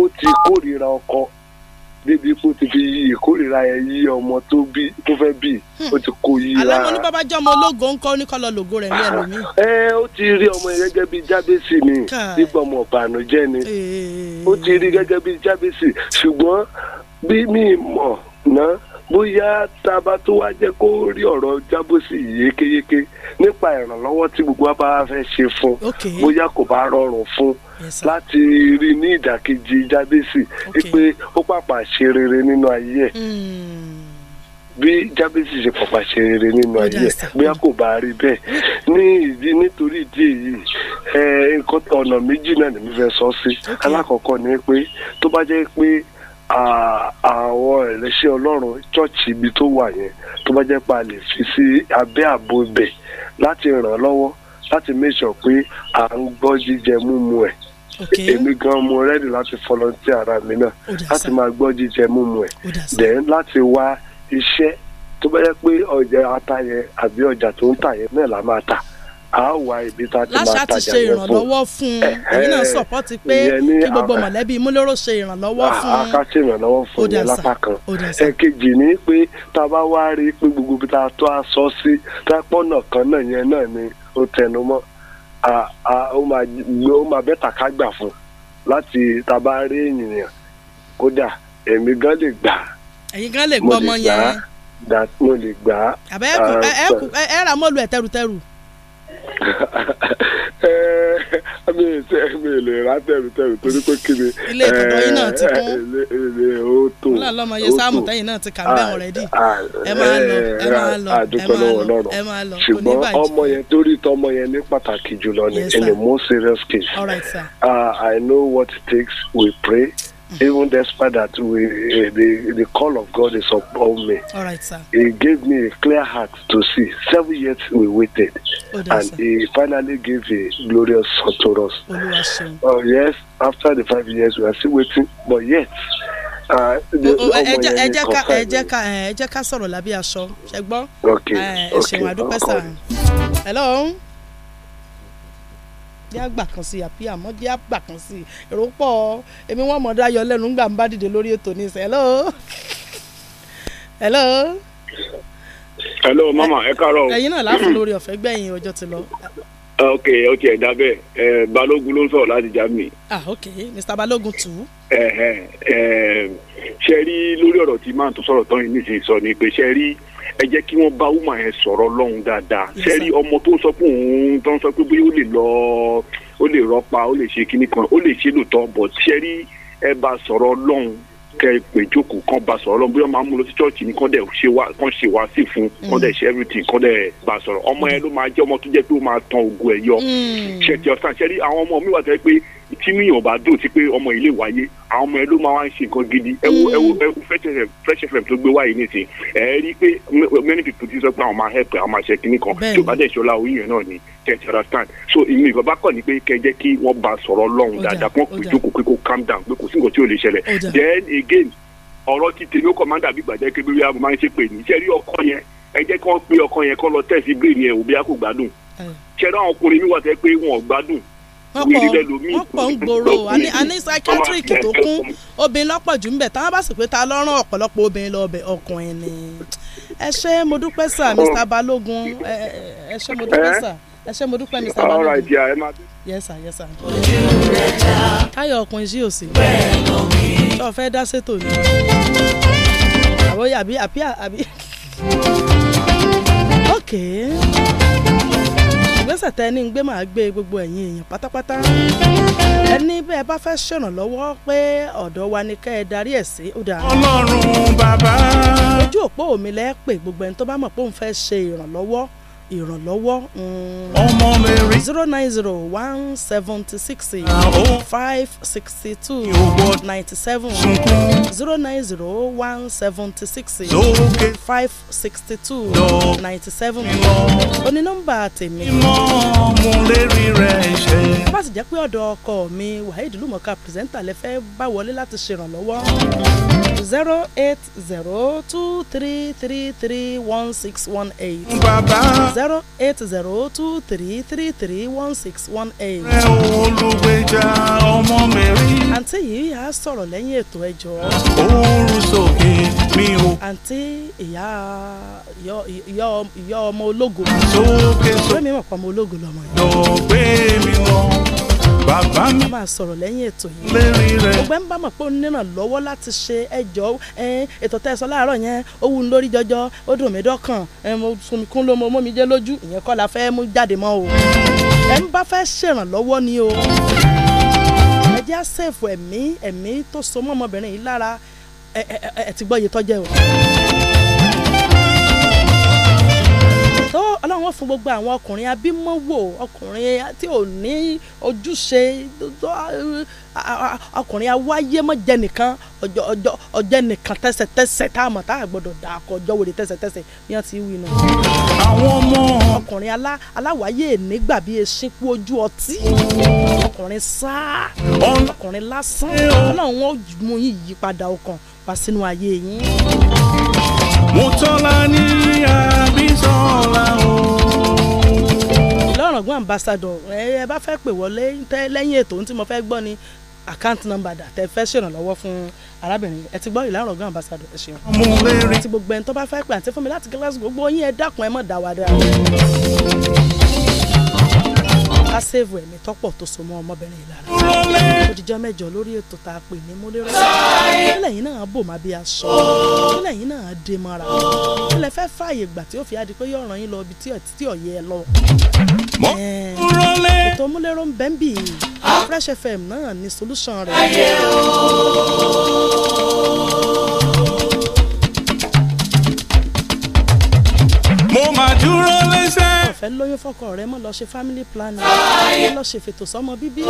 ó ti kórìíra ọkọ débi kó ti fi yí ìkórìíra ẹ yí ọmọ tó bí tó fẹ́ bí hmm. ó ti kó yí lára. àlọ́ mo ní bàbá jẹ́ ọmọ ológo ńkọ́ oníkọ́lọ́ lògo rẹ̀ ní ẹlòmíì. Ah, ẹ ó ti rí ọmọ yẹn gẹ́gẹ́ bí jábẹ́sì ni nígbà ọmọ ọ̀bànújẹ́ ni ó ti rí gẹ́gẹ́ bí jábẹ́sì ṣùgbọ́n bí mi mọ̀ náà bóyá taba tó wá jẹ́ kó rí ọ̀rọ̀ jábọ̀sì yékéyéké nípa ìrànlọ́wọ́ tí gbogbo wa fẹ́ ṣe fún bóyá kò bá rọrùn fún láti rí ní ìdàkejì jábẹ́sì pé ó pàpà ṣe rere nínú ayé ẹ̀ hmm. bí jábẹ́sì ṣe pàpà ṣe rere nínú ayé ẹ̀ bóyá kò bá rí bẹ́ẹ̀ ní ìdí nítorí ìdí èyí nǹkan ọ̀nà méjì náà ni mi fẹ́ sọ sí alákọ̀ọ́kọ́ ni pé tó bá jẹ́ pé àwọn ẹlẹ́ṣẹ̀ ọlọ́run chọ́ọ̀chì ibi tó wà yẹn tó bá jẹ́ pé a lè fi sí abẹ́ ààbò ibẹ̀ láti ràn án lọ́wọ́ láti make sure pé à ń gbọ́ jíjẹ múmu ẹ̀ èmi gan mo rẹ́dì láti volunteer ara mi náà láti máa gbọ́ jíjẹ múmu ẹ̀ then láti wá iṣẹ́ tó bá yẹ pé ọjà ata yẹn àbí ọjà tó ń tà yẹn náà la máa tà a wá ibi tá a ti máa tajà yẹn fún láṣà ti ṣe ìrànlọ́wọ́ fún un èyí náà sọ̀pọ́tì pé kí gbogbo mọ̀lẹ́bí múlẹ́rọ̀ ṣe ìrànlọ́wọ́ fún un. aká ṣe ìrànlọ́wọ́ fún un lápá kan ẹ̀kejì ni pé tá a bá wá rí i pé gbogbo ibi tá a tó a sọ sí tápọ́nà kan náà yẹn náà ni ó tẹnu mọ́ ó máa gbé ó máa bẹ́tà ká gbà fún láti taba rí ènìyàn kódà èmi gan lè gbà. ẹ̀yin gan lè gbọ́ yẹn. mo lè gbà. àbẹ ẹ kú ẹ ẹ ra mọ́lù ẹ̀ tẹ́rùtẹ́rù mi ṣe mi lè ra tẹ̀mí tẹ̀mí torí pé kí ni. ilé ìtọ́jú yín náà ti kún. ilé ó tó. wọ́n lọ́ mọ iye sáàmù tẹ́yìn náà ti kà ń bẹ̀ ọ̀rẹ́dì. ẹ máa lọ ẹ máa lọ ẹ máa lọ ṣùgbọ́n ọmọ yẹn torí tọmọ yẹn ní pàtàkì jùlọ ni in the most serious case. all right sir. Uh, I know what it takes we pray. even despite that we, uh, the, the call of God is upon me. All right, sir. He gave me a clear heart to see. Seven years we waited, oh, and sir. he finally gave a glorious son to us. Oh, yes, after the five years, we are still waiting, but yet. hello. jẹ́ àgbà kan sí àbí àmọ́ jẹ́ àgbà kan sí èrò èmi wọ́n mọ̀ dáyọ lẹ́nu ńgbà ń bá dìde lórí ètò ní ìsẹ̀ hello hello. hello mama ẹ káàárọ̀. ẹ̀yin náà láti lórí ọ̀fẹ́ gbẹ̀yìn ọjọ́ ti lọ. Ah, ok ok ẹ̀dá bẹ́ẹ̀ ẹ̀ eh, balógun ló ń sọ̀rọ̀ láti germany. ah ok mr balógun tù ú. Eh, eh, ẹ ẹ ẹ ṣe rí lórí ọ̀rọ̀ tí máa tó sọ̀rọ̀ tán yìí nísìnyí sọ ni pé ṣe rí ẹ jẹ́ kí wọ́n bá woman yẹn sọ̀rọ̀ lọ́hùn dáadáa ṣe rí ọmọ tó sọ pé òun tó ń sọ pé bóyá ó lè lọ ó lè rọ́pa ó lè ṣe kíní kan ó lè ṣe lóòótọ́ but ṣe rí ẹ bá sọ̀rọ̀ lọ́hùn kẹ pé jókòó kan bá sọ̀rọ̀ lọ bóyá máa mú lọ sí chọ́ọ̀chì ni kán dẹ̀ ṣe wá kán ṣe wá sí fún mm. kán dẹ̀ ṣe everything kán dẹ̀ bá sọ̀rọ̀ ọmọ yẹn ló máa jẹ́ ọmọ tó jẹ́ pé ó máa tan ògùn ẹ̀ yọ mm. ṣètì ọ̀sán ṣẹ́rí àwọn ọmọ mi wà tẹ́ pé tínú yìí ọba dùn sí pé ọmọ ilé wáyé àwọn ọmọ ẹ ló máa wá ń ṣe nǹkan gidi ẹ wo ẹ fresh fm tó gbé wáyé nìsín ẹ rí i pé many people ti sọ pé àwọn máa help àwọn máa ṣe kinní kan tí ọba dẹ̀ ṣọlá oyin yẹn náà ni kẹ̀tì understand so ìmọ̀ ìgbà bá kọ̀ ni pé kẹ́ jẹ́ kí wọ́n bá sọ̀rọ̀ lọ́hùn dáadáa kí wọ́n pè jókòó pé kó calm down pé kò sí nǹkan tí ò lè ṣẹlẹ̀ then again ọ̀rọ̀ ti tèmi ó kọ̀ máa ń dàbí gbàjẹ́ kébé bí aago máa ń ṣe pè ní ṣe rí ọkọ yẹn ẹ jẹ́ kí wọ́n pe ọkọ yẹn kọ́ lọ tẹ̀sí brain yẹn òbí a kò gbádùn ṣe rí àwọn ọkùnrin mi wà tẹ́ pé wọn ò wọ́n pọ̀ ń gbòòrò àní psychiatric tó kún obìnrin lọ́pọ̀ jù ń bẹ̀ táwọn bá sì pé ta lọ́rùn ọ̀pọ̀lọpọ̀ obìnrin lọ bẹ̀ ọkùnrin ni. ẹ ṣé mo dúpẹ́ sà Mr Balógun ẹ ṣé mo dúpẹ́ sà ẹ ṣé mo dúpẹ́ Mr Balógun yes sir yes sir. káyọ̀ ọkùnrin sí òsì fẹ́ dá sétò ni àbí àbí àbí ìgbésẹ̀ tẹ́ ní gbé máa gbé gbogbo ẹ̀yin èèyàn pátápátá ẹni bẹ́ẹ̀ bá fẹ́ ṣèrànlọ́wọ́ pé ọ̀dọ̀ wa ni kẹ́ ẹ darí ẹ̀ sí ó ọlọ́run bàbá. ojú òpó òmìnira pè gbogbo ẹni tó bá mọ̀ pé òun fẹ́ ṣe ìrànlọ́wọ́ ìrànlọ́wọ́. ọmọ mi rí. zero nine zero one seventy six ah, oh. five sixty two ninety seven zero nine zero one seventy six five sixty two ninety seven oní nọ́mbà tèmi. ìmọ̀ mo lè rí rẹ̀ ṣe. bá a sì jẹ́ pé ọ̀dọ̀ ọkọ mi waheed lumọ̀ká pírẹsẹ́ńtà lè fẹ́ bá wọlé láti ṣèrànlọ́wọ́ zero eight zero two three three three one six one eight zero eight zero two three three three one six one eight. ẹ olùgbèjà ọmọ mẹ́rin. àǹtí yìí á sọ̀rọ̀ lẹ́yìn ètò ẹjọ́. oorun sókè mi ò. àǹtí ìyá ìyá ọmọ ológo. sókè sókè. ọ̀rẹ́ mi mọ̀ pa ọmọ ológo lọ́mọ yìí. lọ gbé mi lọ bàbá mi. bàbá sọ̀rọ̀ lẹ́yìn ètò yìí. lérí rẹ̀. gbogbo ń bá mọ̀ pé ó nínà lọ́wọ́ láti ṣe ẹjọ́ ètò tẹ́ ẹ sọ láàárọ̀ yẹn ó wù ú lórí jọjọ ó dùn mí dọ́kàn mo sùn mí kún ló mo mọ́ mi jẹ́ lójú ìyẹn kọ́ la fẹ́ mú jáde mọ́ o. ẹ̀ ń bá fẹ́ ṣèrànlọ́wọ́ ni o. ẹ jẹ́ àṣẹ̀fù ẹ̀mí ẹ̀mí tó so mọ́ ọmọbìnrin yìí lára ẹ̀ ẹ̀ ẹ̀ ti gbọ́ iye tọ́jẹ́ o. so ọlọ́run ó fún gbogbo àwọn ọkùnrin abímọ́wò ọkùnrin tí ò ní ojúṣe uh, ọkùnrin awáyé mọ́ jẹ nìkan ọjẹ́ nìkan tẹ́sẹ̀tẹ́sẹ̀ tá a mọ̀ dà kọ ọjọ́ wèrè tẹ́sẹ̀tẹ́sẹ̀ bí wọ́n ti wí nù. àwọn ọmọ ọkùnrin aláwáyé nígbà bíi eṣin kú ojú ọtí ọkùnrin sáà ọkùnrin lásán ọlọ́run ó mú yín yípadà ọkàn wá sínú ayé yín. Mọ́tọ́lání abisola. o. Ìlọ́ràngún ambassadọ̀ ẹ bá fẹ́ pè wọlé lẹ́yìn ètò tí mo fẹ́ gbọ́ ni account number dà tẹ fẹ́ ṣèrànlọ́wọ́ fún arábìnrin ẹ ti gbọ́ Ìlọ́ràngún ambassadọ̀ ẹ ṣeun. ti gbogbo ẹni tó bá fẹ́ pè àti fún mi láti Glasgow gbogbo yín ẹ dákun ẹ mọ̀ dáwàdà ká sèvù ẹ̀mí tọ́pọ̀ tó so mọ́ ọmọbìnrin yìí lára òdìjọ́ mẹ́jọ lórí ètò tá a pè ní múlẹ́rọ̀ kílẹ̀ yìí náà bò má bí aṣọ kílẹ̀ yìí náà dé mọ́ra kílẹ̀ fẹ́ fààyè gbà tí ó fi adi pé yóò ràn yín lọ ibi tí ọ̀yẹ́ ẹ lọ. ètò múlẹ́rọ̀ ń bẹ́ ń bì Fresh FM náà ní solution rẹ̀. fẹ́ lóyún fọkọ rẹ mọ́ lọ ṣe family planning mọ́ lọ ṣe fètò sọ́mọ bíbí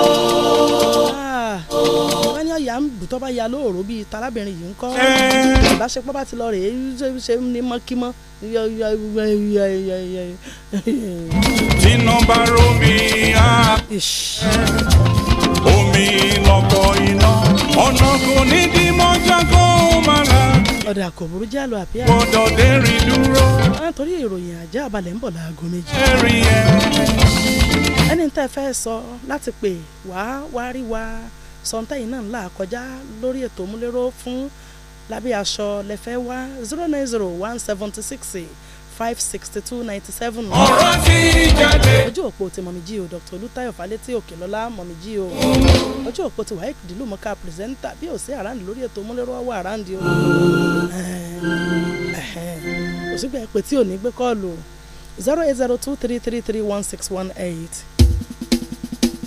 ah, wọ́n ní ọ̀yà ń bù tọ́ bá ya lóòrò bíi tarábìnrin yìí ń kọ́ eh. ìbáṣepọ̀ bá ti lọ rèé ṣe ní mọ́kímọ́. tinubu romi a omi lọkọ iná ọ̀nà kò ní dí mọ́jà kó máa rà ọ̀dà kò burú já lọ àbí àná. gbọ́dọ̀ dé rí dúró. wọ́n torí ìròyìn àjá àbálẹ̀ ń bọ̀ láago méjì. ẹni tẹ́ fẹ́ sọ láti pè wá wá rí wa sọ̀ǹtẹ́yìn náà ńlá kọjá lórí ètò múlẹ́rọ́ fún lábẹ́ aṣọ lẹ́fẹ́ wá zero nine zero one seventy six eight five sixty two ninety seven. ọ̀rọ̀ ti jáde. ojú òpó ti mọ̀mí o dr olùtayọ̀ falẹ́tì òkèlọ́lá mọ̀mí o. ojú òpó ti wáyé dìlúmọ̀ká pírẹsẹ́ńtà bí ò sí àràǹdì lórí ètò múlẹ́rọ́wọ́ àràǹdì o. kò sígbà ẹ pé tí ò ní gbé kọ́ọ̀lù zero eight zero two three three three one six one eight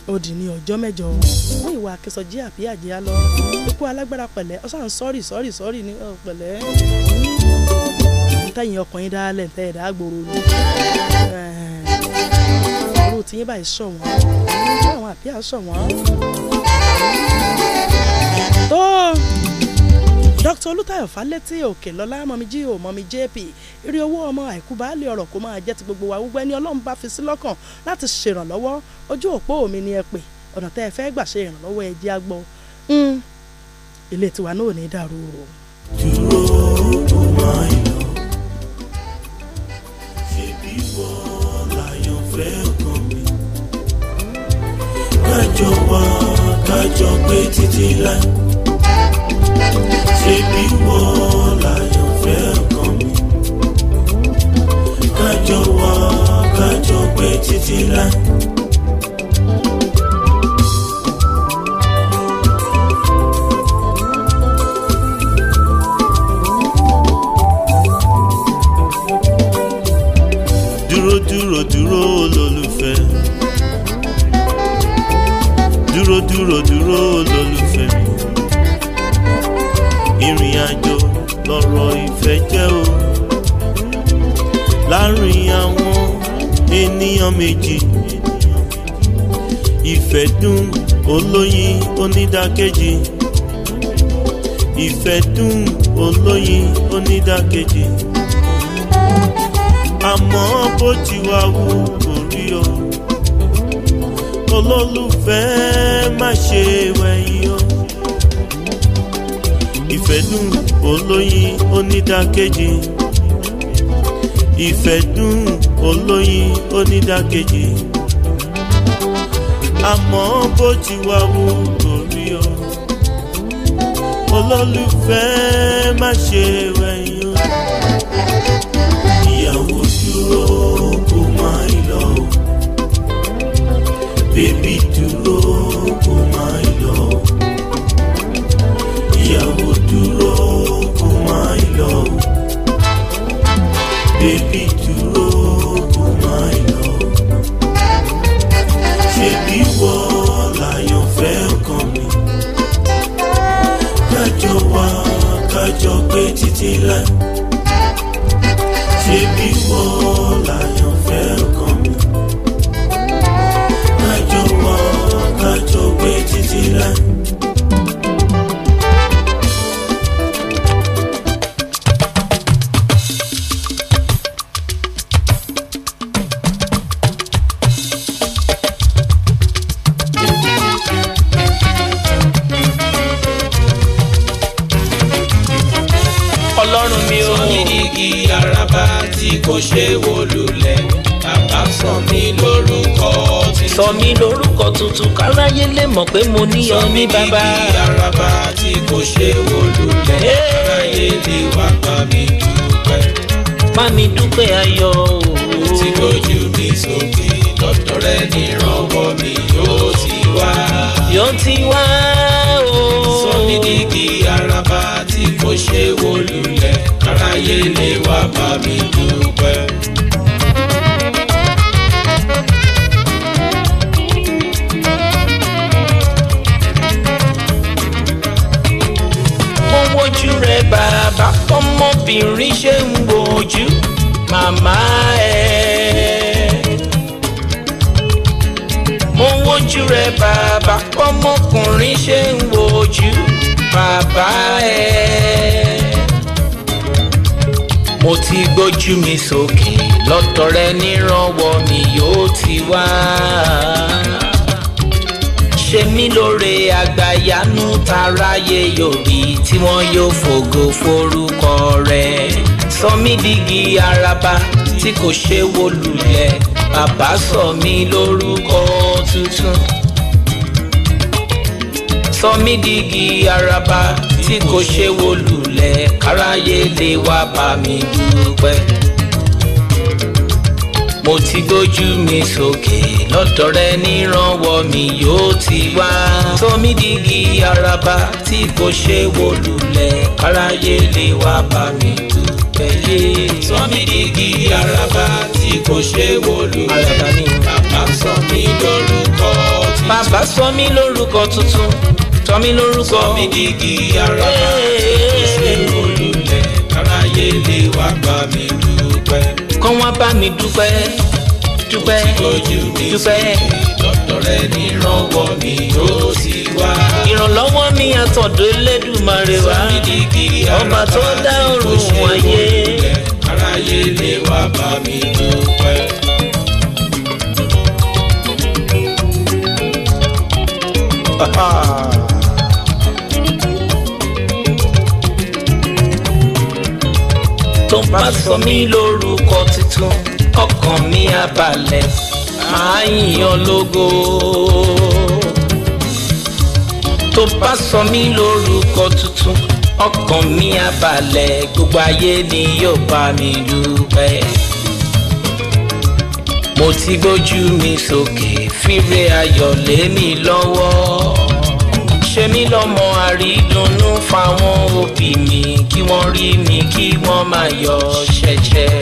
òdì ní ọjọ́ mẹ́jọ fún ìwà akẹ́sọ̀jí àbí àjẹyà lọ ikú alágbára pẹ̀lẹ́ ọ̀sán sọ́ọ̀rì sọ́ọ̀rì sọ́ọ̀rì ní pẹ̀lẹ́ kẹ́yìn ọkùnrin dálẹ̀ tẹ́ ẹ̀dá gbòòrò ni ọ̀rọ̀ tí yín báyìí ṣọ̀wọ́n ọ̀rọ̀ àwọn àbí àṣọ̀wọ́n. tó Dr. Olútáyọ̀ Fálétí òkè lọ́lá mọ̀mí ò mọ̀mí-jp eré owó ọmọ àìkú baálé ọ̀rọ̀ kó máa jẹ́ ti gbogbo wa gbogbo ẹni Ọlọ́run bá fi sí lọ́kàn láti ṣèrànlọ́wọ́ ojú òpó mi ni ẹ pè ọ̀nà tẹ́ ẹ fẹ́ gbà ṣe ìrànlọ́wọ́ ẹ jẹ́ àgbọ̀ hmm. ilé tiwa náà ò ní dàrú o. dúró ó máa ń kájọ wá kájọ pé títí láì ṣe bí wọ́n láyọ̀ fẹ́ ọkàn mi kájọ wá kájọ pé títí láì. onídàkejì ìfẹ́ dùn olóyin onídàkejì àmọ́ bó ti wá wù kò rí o olólùfẹ́ má ṣe wẹ̀yìn o ìfẹ́ dùn olóyin onídàkejì ìfẹ́ olóyin onídàkejì àmọ́ bó ti wá wù kò olólùfẹ́ má wẹ̀yìn. 起来！káráyé lè mọ̀ pé mo ní ọ ní bàbá. sọ mi kìkì araba tí kò ṣe wò lulẹ̀ káráyé lè wá bá mi dúpẹ́. bá mi dúpẹ́ ayọ̀ o. tí lójú mi sókè lọ́dọ̀ rẹ nírànwọ́ mi yóò ti wá. yóò ti wá o. sọ mi kìkì araba tí kò ṣe wò lulẹ̀ káráyé lè wá bá mi dúpẹ́. tọmọbìnrin ṣe ń wojú màmá ẹ. mo wojú rẹ bàbá ọmọkùnrin ṣe ń wojú bàbá ẹ. mo ti gbójú mi sókè lọ́tọ̀ rẹ nírànwọ́ mi yóò ti wá ṣe mí lóore àgbàyanu taráyé yòrí tí wọ́n yóò fògo forúkọ rẹ̀ sọ mí dígí àràbà tí kò ṣe wó lulẹ̀ bàbá sọ mí lórúkọ tuntun sọ mí dígí àràbà tí kò ṣe wó lulẹ̀ káráyé lè wá bá mi dúpẹ́ mo ti gbójú mi sókè lọ́dọ̀ rẹ nírànwọ́ mi yóò ti wá. tómi dígí araba tí kò ṣe wó lulẹ̀ káráyé lè wá bá mi dúpẹ́ yé. tómi dígí araba tí kò ṣe wó lulẹ̀ bàbá sọ mí lórúkọ tuntun. bàbá sọ mí lórúkọ tuntun sọ mí lórúkọ. sọ araba tí kò ṣe wó lulẹ̀ káráyé lè wá bá mi dúpẹ́ kọ́ wọ́n bá mi dúpẹ́ dúpẹ́ dúpẹ́. lọ́dọ̀ rẹ ní ìrànwọ́ mi yóò sì wá. ìrànlọ́wọ́ mi àtọ̀dọ̀ Elédùmarè wá ọba tó dá ọ̀run wáyé. aráyé lè wá bá mi dúpẹ́. Ha ha! tó bá sọ mí lórúkọ titun ọkàn mi á balẹ̀ màá yìn ọ́ lógo. tó bá sọ mí lórúkọ tuntun ọkàn mi á gbogbo ayé ni yóò bá mi dúpẹ́. mo ti gbójú mi sókè fìrè ayọ̀ lé mi lọ́wọ́ ṣe mí lọ́mọ àrídùnnú fáwọn òbí mi kí wọ́n rí mi kí wọ́n máa yọ ṣẹ̀ṣẹ̀.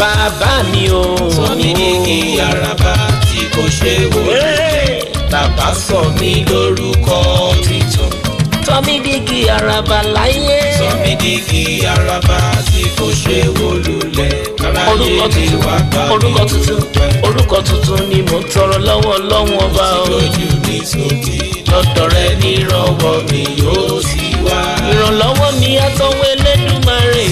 bàbá mi ò sọ mí ní kí tí kò ṣe wò bàbá sọ mí lórúkọ titun. sọmídìgì àràbà láyé. sọmídìgì àràbà tí kò ṣe wò orúkọ tuntun orúkọ tuntun orúkọ tuntun ni mo tọrọ lọ́wọ́ lọ́wọ́ ọba o. tí lójú mi sókè lọ́dọ̀ rẹ nírọ̀wọ́ mi yóò sì wá. ìrànlọ́wọ́ mi á tọ́wé lé.